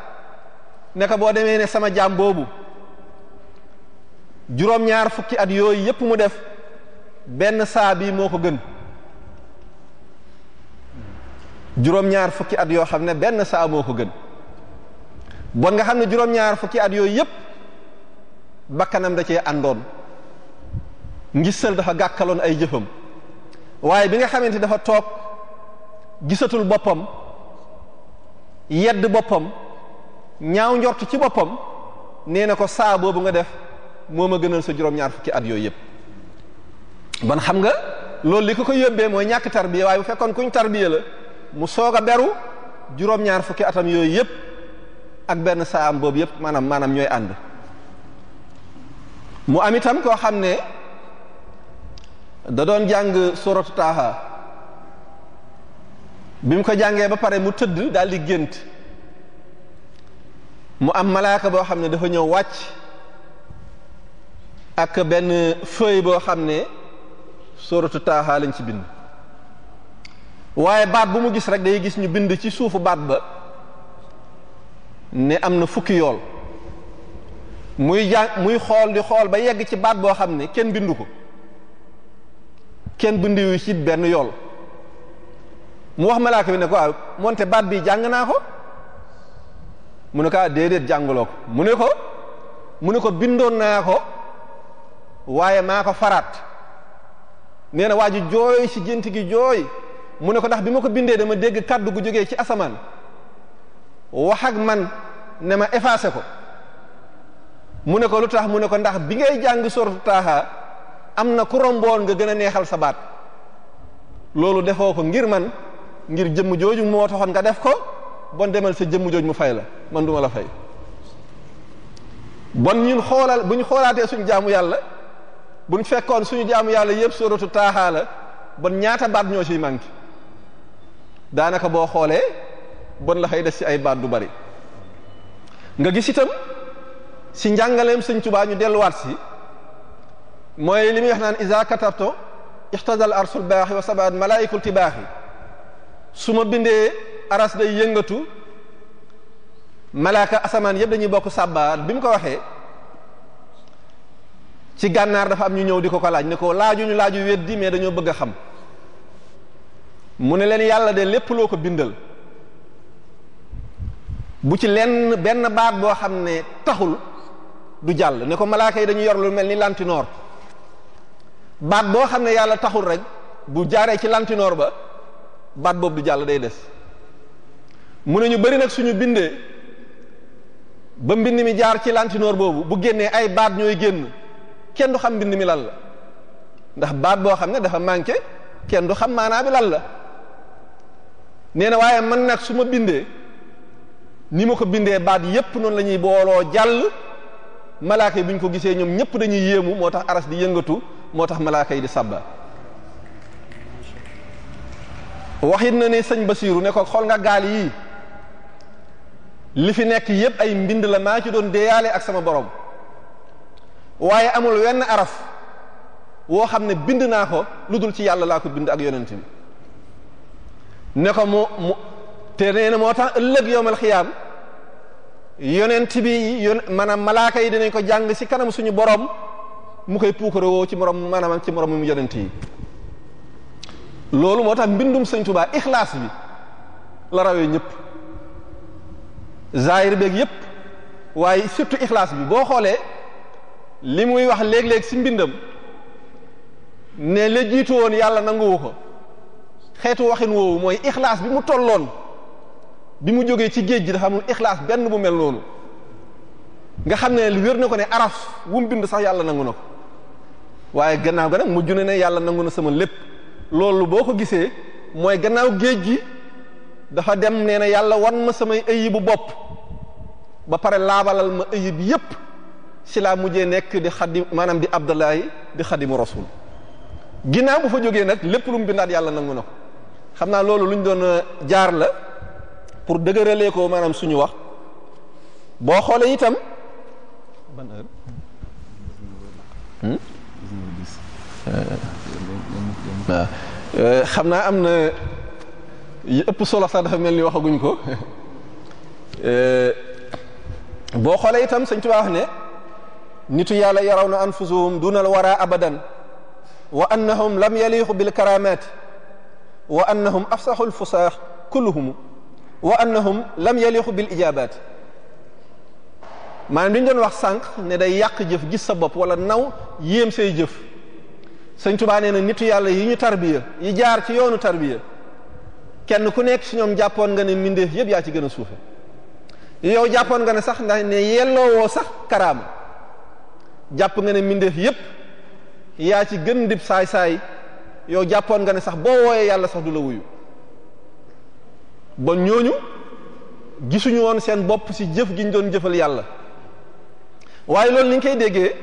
nekk boo demee ne sama jaam boobu juróom-ñaar fukki at yooyu yépp mu def benn saa bi moo ko gën juróom-ñaar fukki at yoo xam ne benn saa moo ko gën bon nga xam ne juróom-ñaar fukki at yooyu yépp bakkanam da cee àndoon ngisal dafa gàkkaloon ay jëfam waaye bi nga xamante dafa toog gisatul boppam yedd boppam ñaaw njort ci boppam nee na ko saa boobu nga def moo ma gënal sa juróom-ñaar fukki at yooyu yëpp ban xam nga loolu li ko ko yóbbee mooy ñàkk tarbiya waaye bu fekkoon kuñ tarbiya la mu soog a beru juróom-ñaar fukki atam yooyu yëpp ak benn saa am boobu yëpp maanaam maanaam ñooy ànd mu am itam koo xam ne da doon jàng suratu Taaha bi mu ko jàngee ba pare mu tëdd daal di gént mu am malaaka boo xam ne dafa ñëw wàcc ak benn feuille boo xam ne sóoratu taaha lañ ci bind waaye baat bu mu gis rek day gis ñu bind ci suufu baat ba ne am na fukki yool muy jàng muy xool di xool ba yegg ci baat boo xam ne kenn bindu ko kenn bindu yu ci benn yool mu wax malaaka bi ne ko a moonte baat bi jàng naa ko mu ne ko ah déedéet ko mu ne ko mu ne ko bindoon naa ko waaye maa ko faraat nee na waa ji jooy ci gént gi jooy mu ne ko ndax bi ma ko bindee dama dégg kàddu gu jógee ci asamaan wax man ne ma effacé ko mu ne ko lu tax mu ne ko ndax bi ngay jàng sortu taaha am na ku romboon nga gën a neexal sa baat loolu defoo ko ngir man ngir jëmm jooju moo taxoon nga def ko bon demal sa jëmm jooju mu fay la man duma la fay bon ñun xoolal bu ñu xoolaatee suñu jaamu yàlla bu ñu fekkoon suñu jaamu yàlla yëpp suratu taaxaa la bon ñaata baat ñoo siy manqué daanaka boo xoolee bon la xëy des ci ay baat du bari nga gis itam ci njàngaleem Sëñ Tuubaa ñu delluwaat si mooy li muy wax naan isa katabto ixtazal arsul baaxi wa sabaat malaayikul tibaaxi su ma bindee aras day yëngatu malaaka asamaan yëpp dañuy bokk sàbbaal bi mu ko waxee ci gànnaar dafa am ñu ñëw di ko ko laaj ne ko laajuñu laaju weddi mais dañoo bëgg a xam mu ne leen yàlla de lépp loo ko bindal bu ci lenn benn baat boo xam ne taxul du jàll ne ko malaaka yi dañu yor lu mel ni lantinoor baat boo xam ne yàlla taxul rek bu jaaree ci lantinoor ba baat boobu du jàll day des mu ne ñu bari nag suñu bindee ba mbind mi jaar ci lantinoor boobu bu génnee ay baat ñooy génn kenn du xam mbind mi lan la ndax baat boo xam ne dafa manqué kenn du xam maanaa bi lan la nee na waaye man nag su ma bindee ni ma ko bindee baat yépp noonu la ñuy booloo jàll malaaka yi bu ñu ko gisee ñoom ñépp dañuy yéemu moo tax aras di yëngatu moo tax malaaka yi di sàbba waxit na ne sëñ Basiiru ne ko xool nga gaal yii li fi nekk yépp ay mbind la maa ci doon deeyaale ak sama borom waaye amul wenn araf woo xam ne bind naa ko lu dul ci yàlla laa ko bind ak yonent bi ne mu mu te nee na moo tax ëllëg yowmal xiyaam yonent bi yon maanaam malaaka yi dinañ ko jàng ci kanam suñu borom mu koy woo ci morom maanaam ci moromum yonent yi loolu moo tax mbindum sëñ baa ixlaas bi la rawee ñëpp zaahir beeg yëpp waaye surtout ixlaas bi boo xoolee li muy wax léeg-léeg ci mbindam ne la jiitu woon yàlla nanguwu ko xeetu waxin woowu mooy ixlaas bi mu tolloon bi mu jógee ci géej gi dafa amul ixlaas benn bu mel noonu nga xam ne wér na ko ne araf wu mu bind sax yàlla nangu na ko waaye gannaaw ga nag mujj na ne yàlla nangu na sama lépp. loolu boo ko gisee mooy gannaaw géej gi dafa dem nee na yàlla wan ma samay ayibu bopp ba pare laabalal ma bi yépp si laa mujjee nekk di xadim maanaam di abdullahi di xadimu rasul ginnaaw bu fa jógee nag lépp lu mu bindaat yàlla nangu na ko xam naa loolu lu ñu doon euh, jaar la pour dëgëralee ko maanaam suñu wax boo xoolee itam waaw eh, xam naa am na yi ëpp solo sax dafa mel ni waxaguñ ko eh, boo xoolee itam sañ Tuubaa wax ne nitu yàlla yaraw na anfusuhum dunal wara abada wa annahum lam yaliqu bi karamati wa annahum afsaxul fusaax kulluhum wa annahum lam yaliqu bil ijabaati maanaam li ñu doon wax sànq ne day yàq jëf gis sa bopp wala naw yéem say jëf sëñ Tuba nee na nitu yàlla yi ñu tarbiya yi jaar ci yoonu tarbiya kenn ku nekk ci ñoom jàppoon nga ne mbindeef yëpp yaa ci gën a suufe yow jàppoon nga ne sax ndax ne yelloowoo sax karaama jàpp nga ne mbindeef yëpp yaa ci gën dib saay-saay yow jàppoon nga ne sax boo wooyee yàlla sax du la wuyu bon ñooñu gisuñu woon seen bopp ci jëf gi ñu doon jëfal yàlla waaye loolu ni koy déggee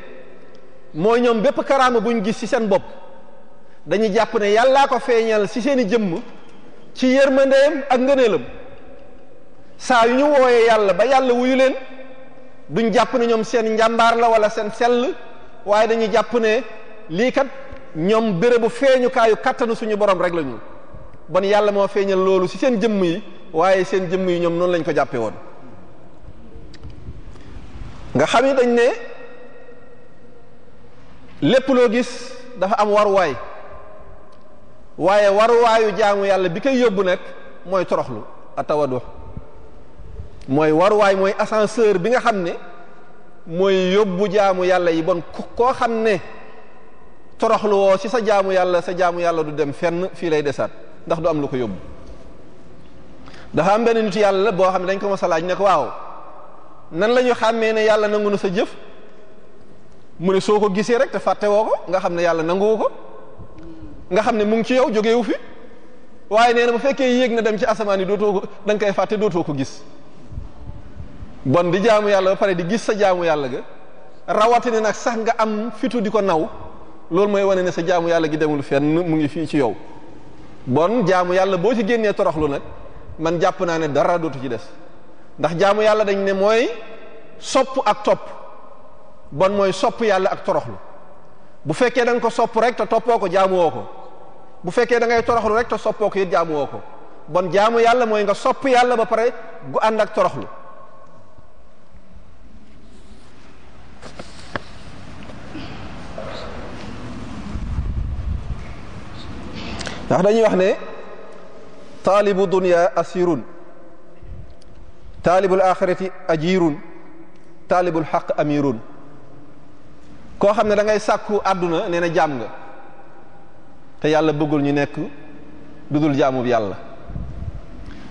mooy ñoom bépp karaama ñu gis ci seen bopp dañuy jàpp ne yàllaa ko feeñal ci seeni jëmm ci yërmandeem ak ngëneelam saa yu ñu wooyee yàlla ba yàlla wuyu leen duñ jàpp ne ñoom seen njàmbaar la wala seen sell waaye dañuy jàpp ne lii kat ñoom bérébu feeñukaayu kattanu suñu borom rek lañu bon yàlla moo feeñal loolu ci seen jëmm yi waaye seen jëmm yi ñoom noonu lañ ko jàppe woon nga xam ni dañ ne lépp loo gis dafa am waruwaay waaye waruwaayu jaamu yàlla bi koy yóbbu nekk mooy toroxlu atawadu mooy waruwaay mooy ascenseur bi nga xam ne mooy yóbbu jaamu yàlla yi bon koo xam ne toroxlu woo ci sa jaamu yàlla sa jaamu yàlla du dem fenn fii lay desaat ndax du am lu ko yóbbu dafa am benn nitu yàlla boo xam ne dañ ko mos a laaj ne ko waaw nan la ñu xàmmee ne yàlla nangu na sa jëf mu ne soo ko gisee rek te fàtte woo ko nga xam ne yàlla nanguwu ko nga xam ne mu ngi ci yow jógewu fi waaye nee na bu fekkee yéeg na dem ci asamaan yi dootoo ko da koy fàtte dootoo ko gis bon di jaamu yàlla ba pare di gis sa jaamu yàlla ga rawatina nag sax nga am fitu di ko naw loolu mooy wane ne sa jaamu yàlla gi demul fenn mu ngi fii ci yow bon jaamu yàlla boo ci génnee toroxlu nag man jàpp naa ne dara dootu ci des ndax jaamu yàlla dañ ne mooy sopp ak topp bon mooy sopp yàlla ak toroxlu bu fekkee da ko sopp rek te toppoo ko jaamuwoo ko bu fekkee da ngay toroxlu rek te soppoo ko it jaamuwoo ko bon jaamu yàlla mooy nga sopp yàlla ba pare gu ànd ak toroxlu ndax dañuy wax ne taalibu dunya asirun taalibul axirati ajirun taalibul xaq amirun koo xam ne da ngay sàkku àdduna nee na jaam nga te yàlla bëggul ñu nekk du dul jaamu yàlla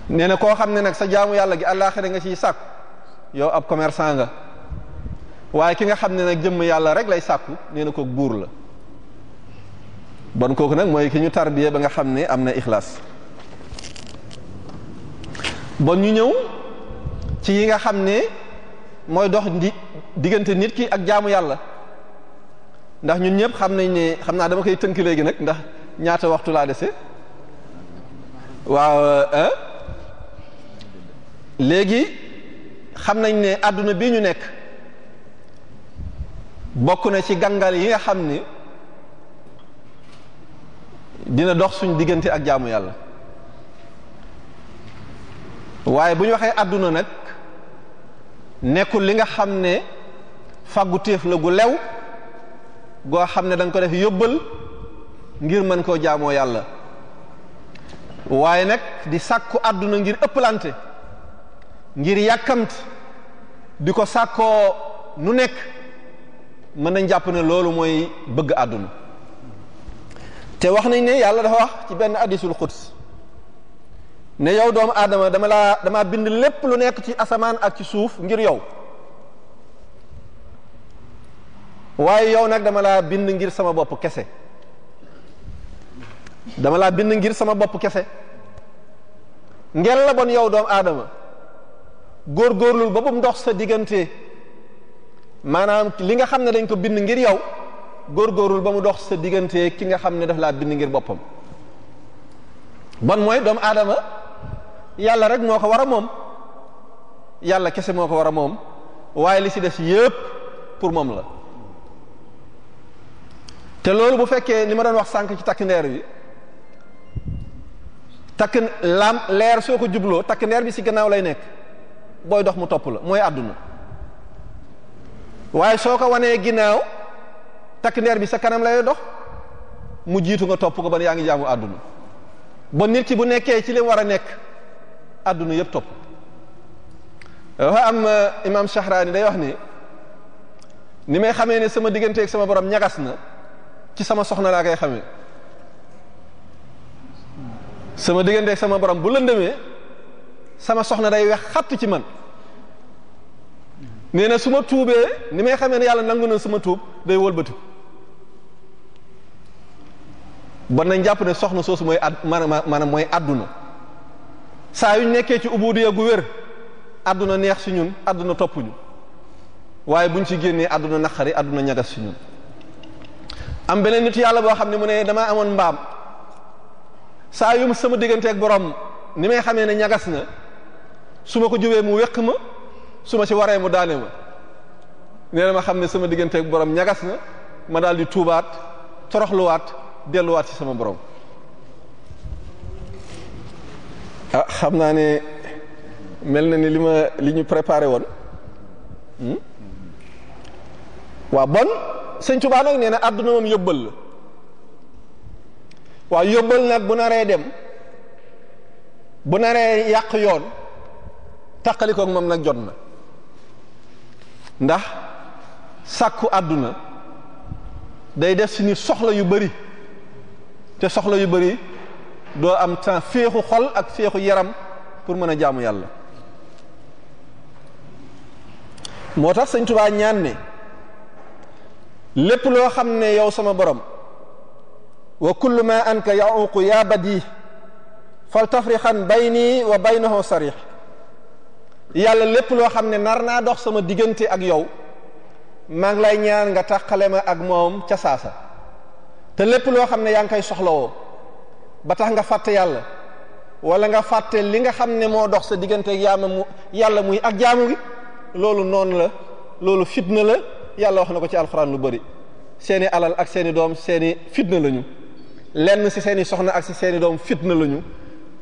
nee na koo xam ne nag sa jaamu yàlla gi àllaaxira nga ciy sàkku yow ab commerçant nga waaye ki nga xam ne nag jëmm yàlla rek lay sàkku nee na kook buur la bon kooku nag mooy ki ñu tarbiye ba nga xam ne am na ixlaas bon ñu ñëw ci yi nga xam ne mooy dox di diggante nit ki ak jaamu yàlla ndax ñun ñëpp xam nañ ne xam naa dama koy tënk léegi nag ndax ñaata waxtu laa dese waaw euh, léegi xam nañ ne àdduna bii ñu nekk bokk na ci gàngal yi nga xam ni dina dox suñ diggante ak jaamu yàlla waaye bu ñu waxee àdduna nag nekkul li nga xam ne fàggu téef la gu lew goo xam ne da ko def yóbbal ngir mën koo jaamoo yàlla waaye nag di sàkku àdduna ngir ëpplante ngir yàkkamt di ko sàkkoo nu nekk mën nañ jàpp ne loolu mooy bëgg àdduna te wax nañ ne yàlla dafa wax ci benn hadisul xuds ne yow doomu aadama dama laa dama bind lépp lu nekk ci asamaan ak ci suuf ngir yow waaye yow nag dama laa bind ngir sama bopp kese dama laa bind ngir sama bopp kese ngel la bon yow doom aadama góor góorlul bu ndox sa diggante maanaam li nga xam ne dañ ko bind ngir yow góorgóorlul ba mu dox sa diggante ki nga xam ne daf laa bind ngir boppam bon mooy doomu aadama yàlla rek moo ko war a moom yàlla kese moo ko war a moom waaye li ci des yépp pour moom la te loolu bu fekkee ni ma doon wax sànq ci takk ndeer bi takk lam leer soo ko jubloo takk ndeer bi ci gannaaw lay nekk booy dox mu topp la mooy àdduna waaye soo ko wanee ginnaaw takk ndeer bi sa kanam lay dox mu jiitu nga topp ko ba yaa ngi jaamu àdduna ba nit ki bu nekkee ci li war a nekk àdduna yépp topp dafa am euh, imaam Shahraani day wax ni ni may xamee ne sama digganteeg sama borom ñagas na ci sama soxna laa koy xamee sama digganteeg sama borom bu lëndëmee sama soxna day wex xatt ci man nee na su ma tuubee ni may xamee ne yàlla nangu na suma tuub day wëlbatiku bon nañ jàpp ne soxna soo soosu mooy ad maanaam mooy àdduna saa yuñ nekkee ci ubudiya gu wér àdduna neex si ñun àdduna topp ñu waaye buñ ci génnee àdduna naqari àdduna ñagas si ñun am beneen nit yàlla boo xam ne mu ne damaa amoon mbaam saa yu sama digganteeg borom ni may xamee ne ñagas na su ma ko jubee mu wéq ma su ma ci waree mu daane ma nee na ma xam ne sama digganteek borom ñagas na ma daal di tuubaat toroxluwaat delluwaat ci sama boroom ah xam naa ne mel na ni li ma li ñu préparé woon hmm? waa bon. sëñ Tuubaa nag nee na àdduna moom yóbbal la waaw yóbbal nag bu naree dem bu naree yàq yoon tàqalikook moom nag jot na ndax sàkku àdduna day def si nit soxla yu bari te soxla yu bari doo am temps féexu xol ak féexu yaram pour mën a jaamu yàlla moo tax sëñ Tuubaa ñaan ne lépp loo xam ne yow sama borom wa kullu ma anka yauqu yaa badi fal tafrixan bayni wa baynahu sarix yàlla lépp loo xam ne nar naa dox sama diggante ak yow maa ngi lay ñaan nga tàqale ma ak moom ca saasa te lépp loo xam ne yaa ngi koy soxlawoo ba tax nga fàtte yàlla walla nga fàtte li nga xam ne moo dox sa diggante ak yaama mu yàlla muy ak jaamu gi loolu noonu la loolu fitna la yàlla wax na ko ci alxuraan lu bari seeni alal ak seeni doom seeni fitna lañu lenn si seeni soxna ak si seeni doom fitna lañu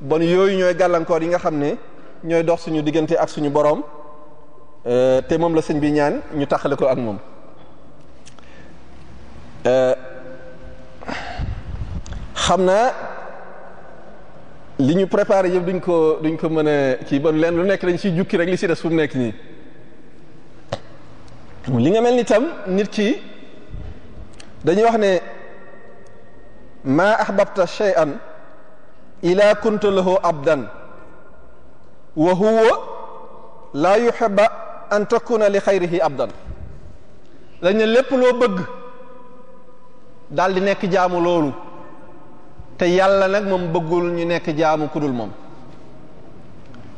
bon yooyu ñooy gàllankoor yi nga xam ne ñooy dox suñu diggante ak suñu boroom euh, te moom la sëñ bi ñaan ñu taxale ko ak moom euh, xam naa li ñu préparé yëpp duñ ko duñ ko mën a kii ban lenn lu nekk dañ ciy jukki rek li si des fu nekk nii li nga mel ni tam nit ki dañuy wax ne maa ahbabta shay'an ila kunta lahu abdan wa huwa laa yuhibbu an takuna li xayrihi abdan dañ ne lépp loo bëgg daldi nekk jaamu loolu te yàlla nag moom bëggul ñu nekk jaamu kudul moom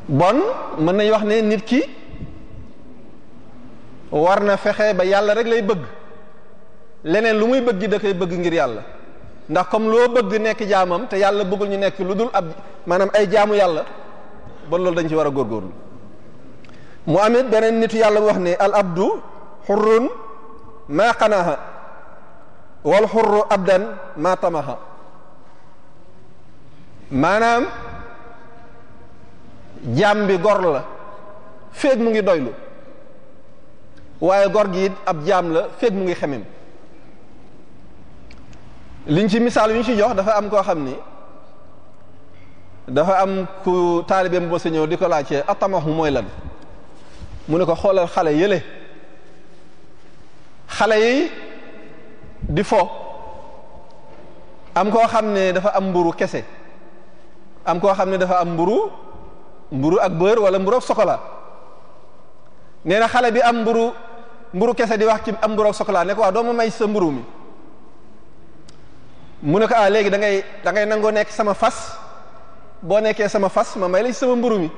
bon mën nañu wax ne nit ki war na fexe ba yàlla rek lay bëgg leneen lu muy bëgg ji da bëgg ngir yàlla ndax comme loo bëgg nekk jaamam te yàlla bëggul ñu nekk lu dul ab maanaam ay jaamu yàlla bon loolu dañ ci war a góorlu mu amit beneen nitu yàlla mu wax ne al abdu xurrun maa qanaha wal xurru abdan maa tamaha maanaam jaam bi gor la feeg mu ngi doylu waaye gor gi ab jaam la feeg mu ngi xemem liñ ci misaal yu ñu ci jox dafa am koo xam ni dafa am ku taalibeem bu ñëw di ko laajte atamaxu mooy lan mu ne ko xoolal xale yële xale yi di fo am koo xam ne dafa am mburu kese am koo xam ne dafa am mburu mburu ak beurre wala mburu ak chocolat nee na xale bi am mburu mburu kese di wax ci am mburu ak soxlaa ne ko waaw doo ma may sa mburu mi mu ne ko ah léegi da ngay da ngay nekk sama fas boo nekkee sama fas ma may la ci sama mburu mi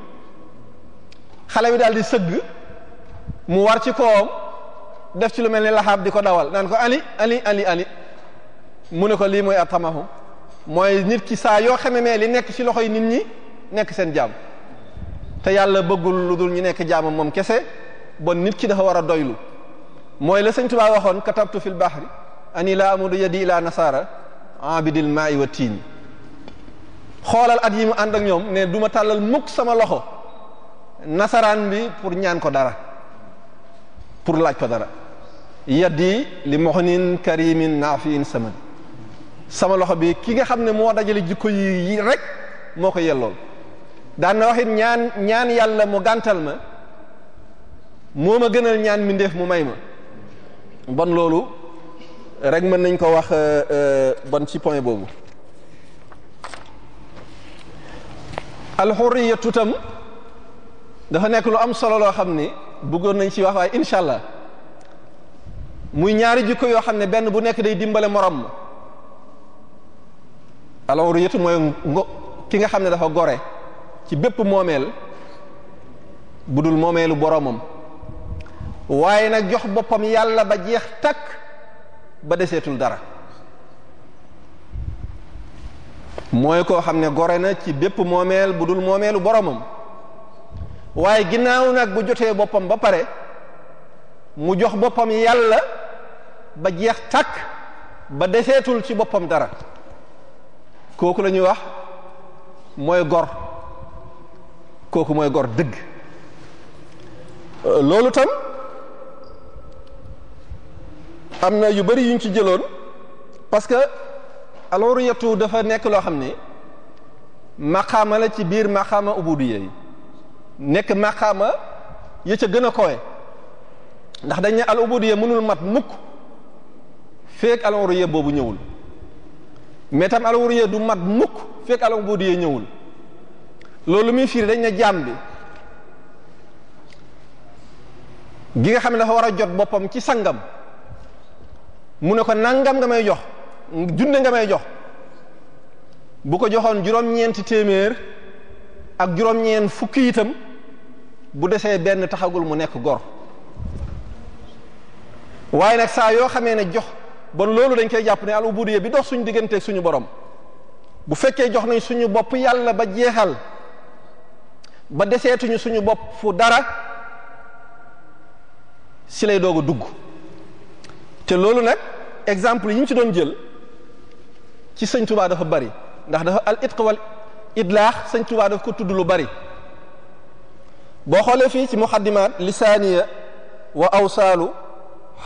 xale bi daal di sëgg mu war ci kawam def ci lu mel ni laxaab di ko dawal naan ko ali ali ali ali mu ne ko lii mooy atamahu mooy nit ki saa yoo xame mee li nekk ci loxo yi nit ñi nekk seen jaam te yàlla bëggul lu dul ñu nekk jaamam moom kese bon nit ki dafa war a doylu mooy la sëñ Tuubaa waxoon katabtu fil bahri ani la amudu yadi ila nasara abidil maa'i wa tiin xoolal at yi mu ànd ak ñoom ne duma tàllal mukk sama loxo nasaraan bi pour ñaan ko dara pour laaj ko dara yaddi li muxnin karimin naafiin samad sama loxo bi ki nga xam ne moo dajale jikko yii rek moo ko yellool daan na waxit ñaan ñaan yàlla mu gàntal ma moo ma gënal ñaan mbindeef mu may ma bon loolu rek mën nañ ko wax euh, euh, bon ci point boobu alxuriyatu dafa nekk lu am solo loo xam ni bëggoon nañ ci wax waaye incha allah muy ñaari jikko yoo xam ne benn bu nekk day dimbale morom ma alxuriyatu mooy ki nga xam ne dafa gore ci bépp moomeel bu dul moomeelu boromam waaye nag jox boppam yàlla ba jeex takk ba deseetul dara mooy koo xam ne gore na ci bépp moomeel bu dul moomeelu boroomam waaye ginnaaw nag bu jotee boppam ba pare mu jox boppam yàlla ba jeex takk ba deseetul ci boppam dara kooku la ñuy wax mooy gor kooku mooy gor dëgg loolu tam am na yu bari yuñ ci jëloon parce que aluriyatu dafa nekk loo xam ni maqaama la ci biir maqaama ubudiyya yi nekk maqaama ya ca gën a kowe ndax dañ ne al ubudiyya mënul mat mukk feek al uriyya boobu ñëwul mais tam al uriyya du mat mukk feek al ubudiyya ñëwul loolu muy fiir dañ ne bi gi nga xam ne dafa war a jot boppam ci sangam mu ne ko nangam nga may jox junne nga may jox bu ko joxoon juróom-ñeenti téeméer ak juróom-ñeent fukki itam bu desee benn taxagul mu nekk gor waaye nag saa yoo xamee ne jox bon loolu dañ koy jàpp ne al ubudiyya bi dox suñu digganteeg suñu borom bu fekkee jox nañ suñu bopp yàlla ba jeexal ba deseetuñu suñu bopp fu dara si lay doog a dugg te loolu nag exemple yi ci doon jël ci sëñ Touba dafa bari ndax dafa al itq wal idlaax sëñ Touba dafa ko tudd lu bari boo xoolee fii ci muqaddimaat lisaaniya wa awsaalu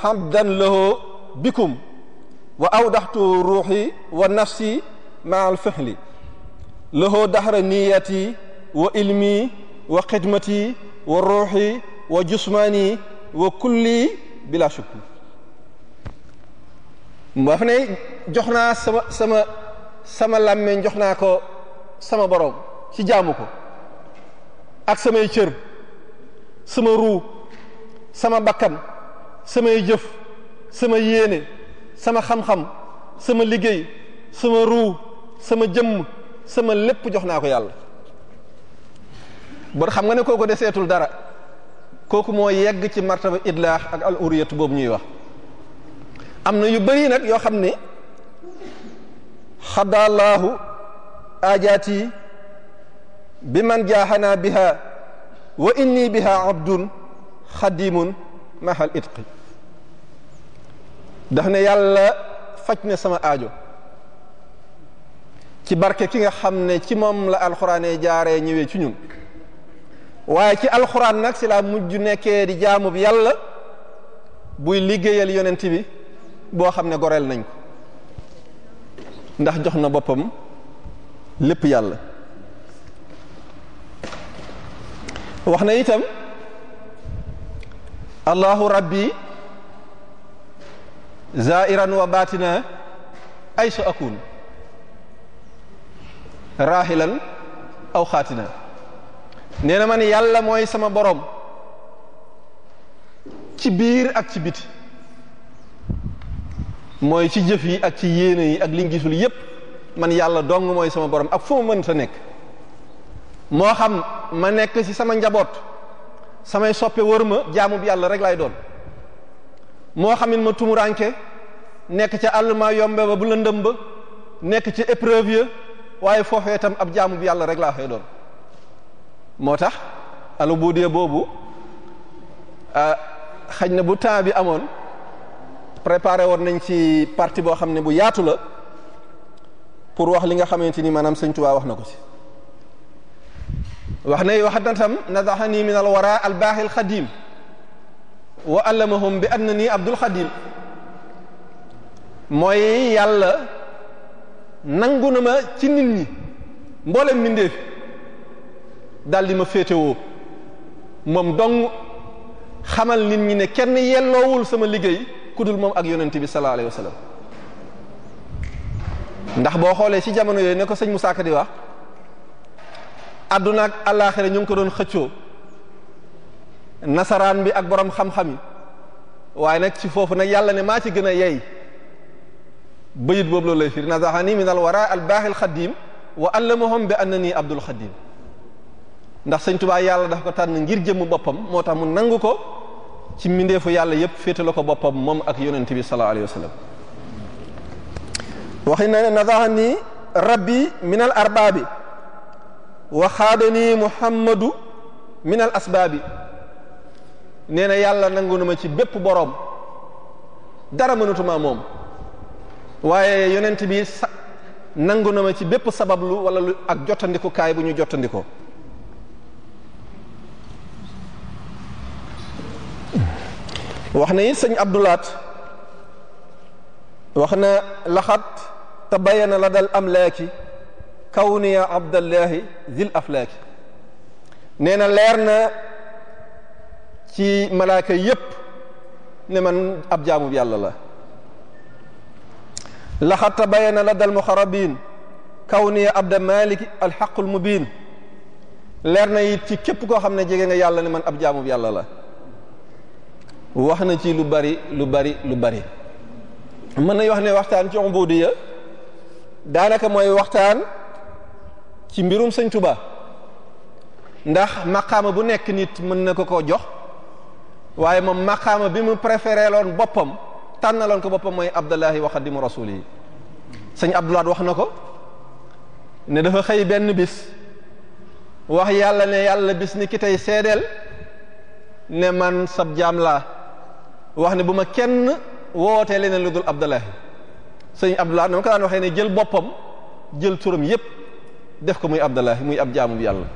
hamdan lahu bikum wa awdaxtu ruuxi wa nafsi maa al fihli lahu dahra niyati wa ilmi wa xidmati wa ruuxi wa jusmani wa kulli bila shukk wax ne jox naa sama sama sama làmmeñ jox naa ko sama boroom ci jaamu ko ak samay cër sama ruu sama bakkan samay jëf sama yéene sama xam-xam sama liggéey sama ruu sama jëmm sama lépp jox naa ko yàlla bon xam nga ne kooku seetul dara kooku moo yegg ci martaba idlaax ak al uriyatu boobu ñuy wax am na yu bari nag yoo xam ne xadaalaahu aajaati bi man jaaxanaa biha wa inni biha abdun xadimun mahal itqi daf ne yàlla faj na sama ajo ci barke ki nga xam ne ci moom la alxuraane jaare ñëwee ci ñun waaye ci alxuraan nag si laa mujj nekkee di jaamu yàlla buy liggéeyal yonent bi boo xam ne goreel nañ ko ndax jox na boppam lépp yàlla wax na itam allahu rabbi zairan wa batina aysu akun rahilan aw xaatina nee na man yàlla mooy sama borom ci biir ak ci biti mooy ci jëf yi ak ci yéene yi ak liñ gisul yépp man yàlla dong mooy sama borom ak fu ma mën sa nekk moo xam ma nekk si sama njaboot samay soppe wër ma jaamub yàlla rek laay doon moo xam it ma tumuranke nekk ca àll maa yombe ba bu lëndëm ba nekk ci épreuve ya waaye foofee tam ab jaamub yàlla rek laa fay doon moo tax alubuudiya boobu ah, xaj na bu temps bi amoon préparé woon nañ ci partie boo xam ne bu yaatu la pour wax li nga xamante ni maanaam sëñ Tuubaa wax na ko ci wax na wax na tam nadaxani min al wara al baaxi al xadiim wa allamahum bi annani abdul xadiim mooy yàlla nangu na ma ci nit ñi mboolem mbindeef daldi ma féetewoo moom dong xamal nit ñi ne kenn yelloowul sama liggéey kudul moom ak yonent bi sallallahu alayhi wa sallam ndax boo xoolee ci jamono yooyu ne ko sëñ mu Ka di wax àdduna ak àllaaxira ñu ngi ko doon xëccoo nasaraan bi ak borom xam-xam yi waaye nag ci foofu nag yàlla ne maa ci gën a yey bayit boobu loolu lay firi nazaxani min al wara al baaxil xadim wa allamahum bi annani abdul xadim ndax sëñ Tuubaa yàlla dafa ko tànn ngir jëmm boppam moo tax mu nangu ko ci mbindeefu yàlla yépp féete ko boppam moom ak yonent bi sallallahu alayhi wa sallam waxi na ne nazahani rabbi min al arbaabi wa xaadani muhammadu min al asbaabi neena yàlla nangu na ma ci bépp boroom dara mënatuma moom waaye yonent bi sa nangu ma ci bépp sabablu wala lu ak jottandikukaay bu ñu jottandikoo wax na it sëñ abdulaat wax na laxat tabayana la dal amlaaki kawniya abdallahi zil aflaaki nee na leer na ci malaaka yépp ne man ab jaamub yàlla la laxat tabayana la dal muxarabin kawniya abda maliki alxaqul mubin leer na yit ci képp koo xam ne jege nga yàlla ne man ab jaamub yàlla la wax na ci lu bari lu bari lu bari mën nañu wax ne waxtaan ci ubudiya daanaka mooy waxtaan ci mbirum sëñ tubaa ndax maqaama bu nekk nit mën na ko ko jox waaye moom maqaama bi mu préféré boppam tànnaloon ko boppam mooy Abdullahi wa xadimu rasuuli yi sëñ Abdoulaat wax na ko ne dafa xëy benn bis wax yàlla ne yàlla bis ni ki tey seedeel ne man sab jaam laa wax ne bu ma kenn wootee leneen lu dul Abdullahi sëñ Abdullahi dama ko daan waxee ne jël boppam jël turam yépp def ko muy Abdullahi muy ab jaamu yàlla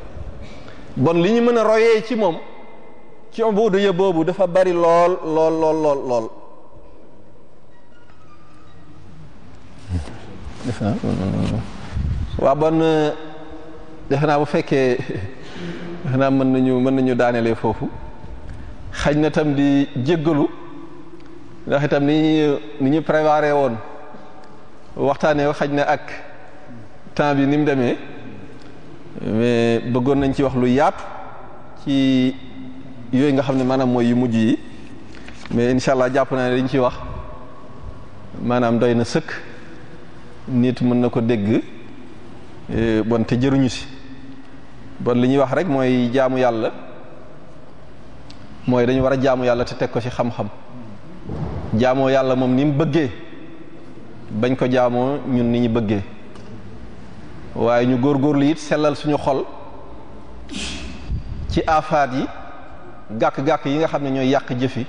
bon li ñu mën a royee ci moom ci ubudiya dafa bari lool lool lool waaw bon naa bu fekkee defe mën nañu mën nañu daanelee foofu xaj na tam di jéggalu ndax itam ni ñu ni ñu préparé woon waxtaanee xaj na ak temps bi ni mu demee mais bëggoon nañ ci wax lu yàpp ci yooyu nga xam ne maanaam mooy yu mujj yi mais incha allah jàpp naa ne dañu ci wax maanaam doy na sëkk nit mën na ko dégg e, bon te jëruñu si bon li ñuy wax rek mooy jaamu yàlla mooy dañu war a jaamu yàlla te teg ko ci xam-xam jaamoo yàlla moom ni mu bëggee bañ ko jaamoo ñun ni ñu bëggee waaye ñu góor góorgóorlu it sellal suñu xol ci aafaat yi gàkk-gàkk yi nga xam ne ñooy yàq jëfi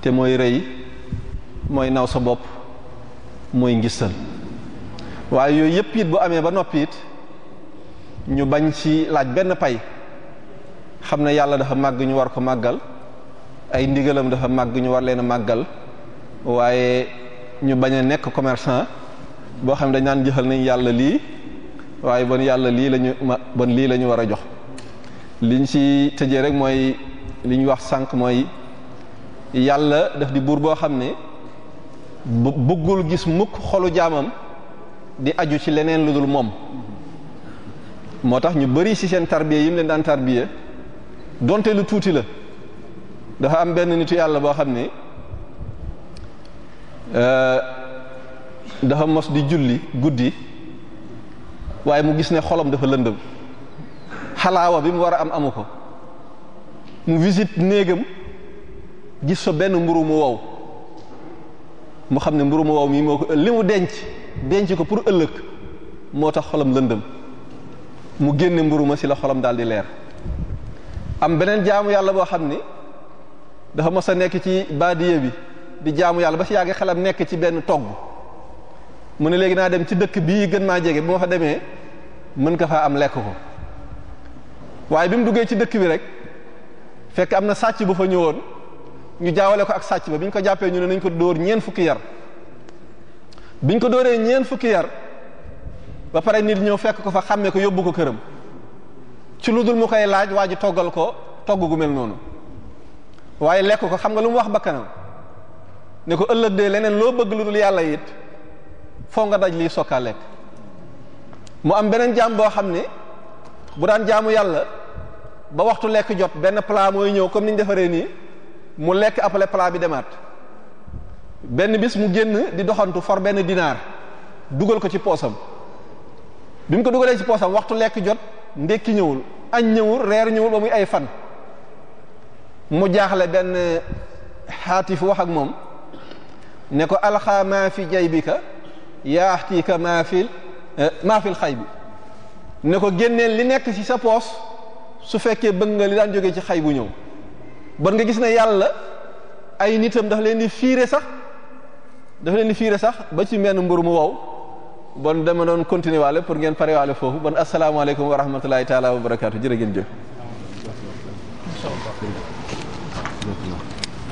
te mooy rëy mooy naw sa bopp mooy ngistal waaye yooyu yëpp it bu amee ba noppi it ñu bañ ci laaj benn pay xam na yàlla dafa màgg ñu war ko màggal ay ndigalam dafa màgg ñu war leen a màggal waaye ñu bañ a nekk commerçant boo xam ne dañ naan jëxal nañ yàlla lii waaye bon yàlla lii la ñu ma bon lii lañu war a jox liñ ci tëjee rek mooy li ñu wax sànq mooy yàlla daf di buur boo xam ne bëggul gis mukk xolu jaamam di aju ci leneen lu dul moom moo tax ñu bari ci seen tarbiya yim leen daan tarbiya donte lu tuuti la dafa am benn nit yàlla boo xam ne euh, dafa mos di julli guddi waaye mu gis ne xolom dafa lëndëm xalaawa bi mu war a am amu ko mu visite néegam gis fa benn mburu mu wow mu xam ne mburu mu wow mii moo ko li mu denc denc ko pour ëllëg moo tax xolam lëndëm mu génne mburu ma ci la xolam daal di leer am beneen jaamu yàlla boo xam ne dafa mos a nekk ci baadiye bi di jaamu yàlla ba si yàgg xelam nekk ci benn togg mu ne léegi naa dem ci dëkk bii gën maa jege bu ma fa demee mën ko faa am lekk ko waaye bi mu duggee ci dëkk bi rek fekk am na sàcc bu fa ñëwoon ñu jaawale ko ak sàcc ba bi ñu ko jàppee ñu ne nañ ko dóor ñeen fukki yar biñ ko dóoree ñeen fukki yar ba pare nit ñëw fekk ko fa xàmmee ko yóbbu ko këram ci lu mu koy laaj waa ji toggal ko togg gu mel noonu waaye lekk ko xam nga lu mu wax bakkanam ne ko ëllëg de leneen loo bëgg lu dul yàlla yit foo nga daj lii sokka lekk mu am beneen jaam boo xam ne bu daan jaamu yàlla ba waxtu lekk jot benn plat mooy ñëw comme niñ defaree nii mu lekk appale palaa bi demaat benn bis mu génn di doxantu for benn dinaar dugal ko ci poosam bi mu ko dugalee ci poosam waxtu lekk jot ndekki ñëwul añ ñëwul reer ñëwul ba muy ay fan mu jaaxle benn xaatif wax ak moom ne ko alxaa maa fi jaybika yaatika maa fi eh, maa fil xay bi ne ko génneel li nekk ci sa poos su fekkee bëgg nga li daan jóge ci xay bu ñëw bon nga gis na yàlla ay nitam daf leen di fiire sax daf leen di fiire sax ba ci menn mburu mu wow bon dama doon continuer waale pour ngeen pare waale foofu bon asalaamaaleykum wa rahmatulahi taala wa barakaatu jërë ngeen jëf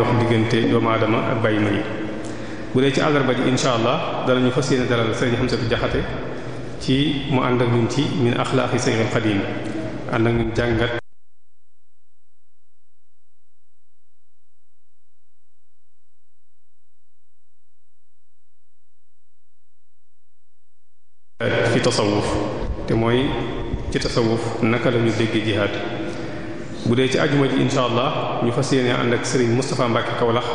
dox diggante doomu aadama ak bàyyi ma yi bu dee ci àllarba ji incha allah danañu fas yéene dalal sëriñ Hamsatu Jaxate ci mu ànd ak ñun ci min axlaaqi sayyidil xadiim ànd ak ñun jàngat fi tasawuf te mooy ci tasawuf naka lañu dégg jihaad bu dee ci ajuma ji insha allah ñu fas yéene ànd ak Serigne Moustapha Mbacke Kaolack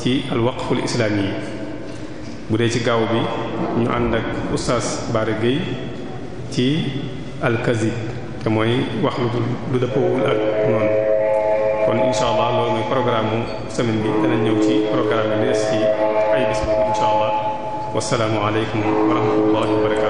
ci alwaqful islaami yi bu dee ci gaaw bi ñu ànd ak Oustaz Bara ci alkazib te mooy wax lu dëppawul ak noonu kon insha loolu mooy programme mu semaine bi dana ñëw ci programme bi ci ay bis bu insha allah wassalaamu aleykum wa rahmatullahi wa barakatuh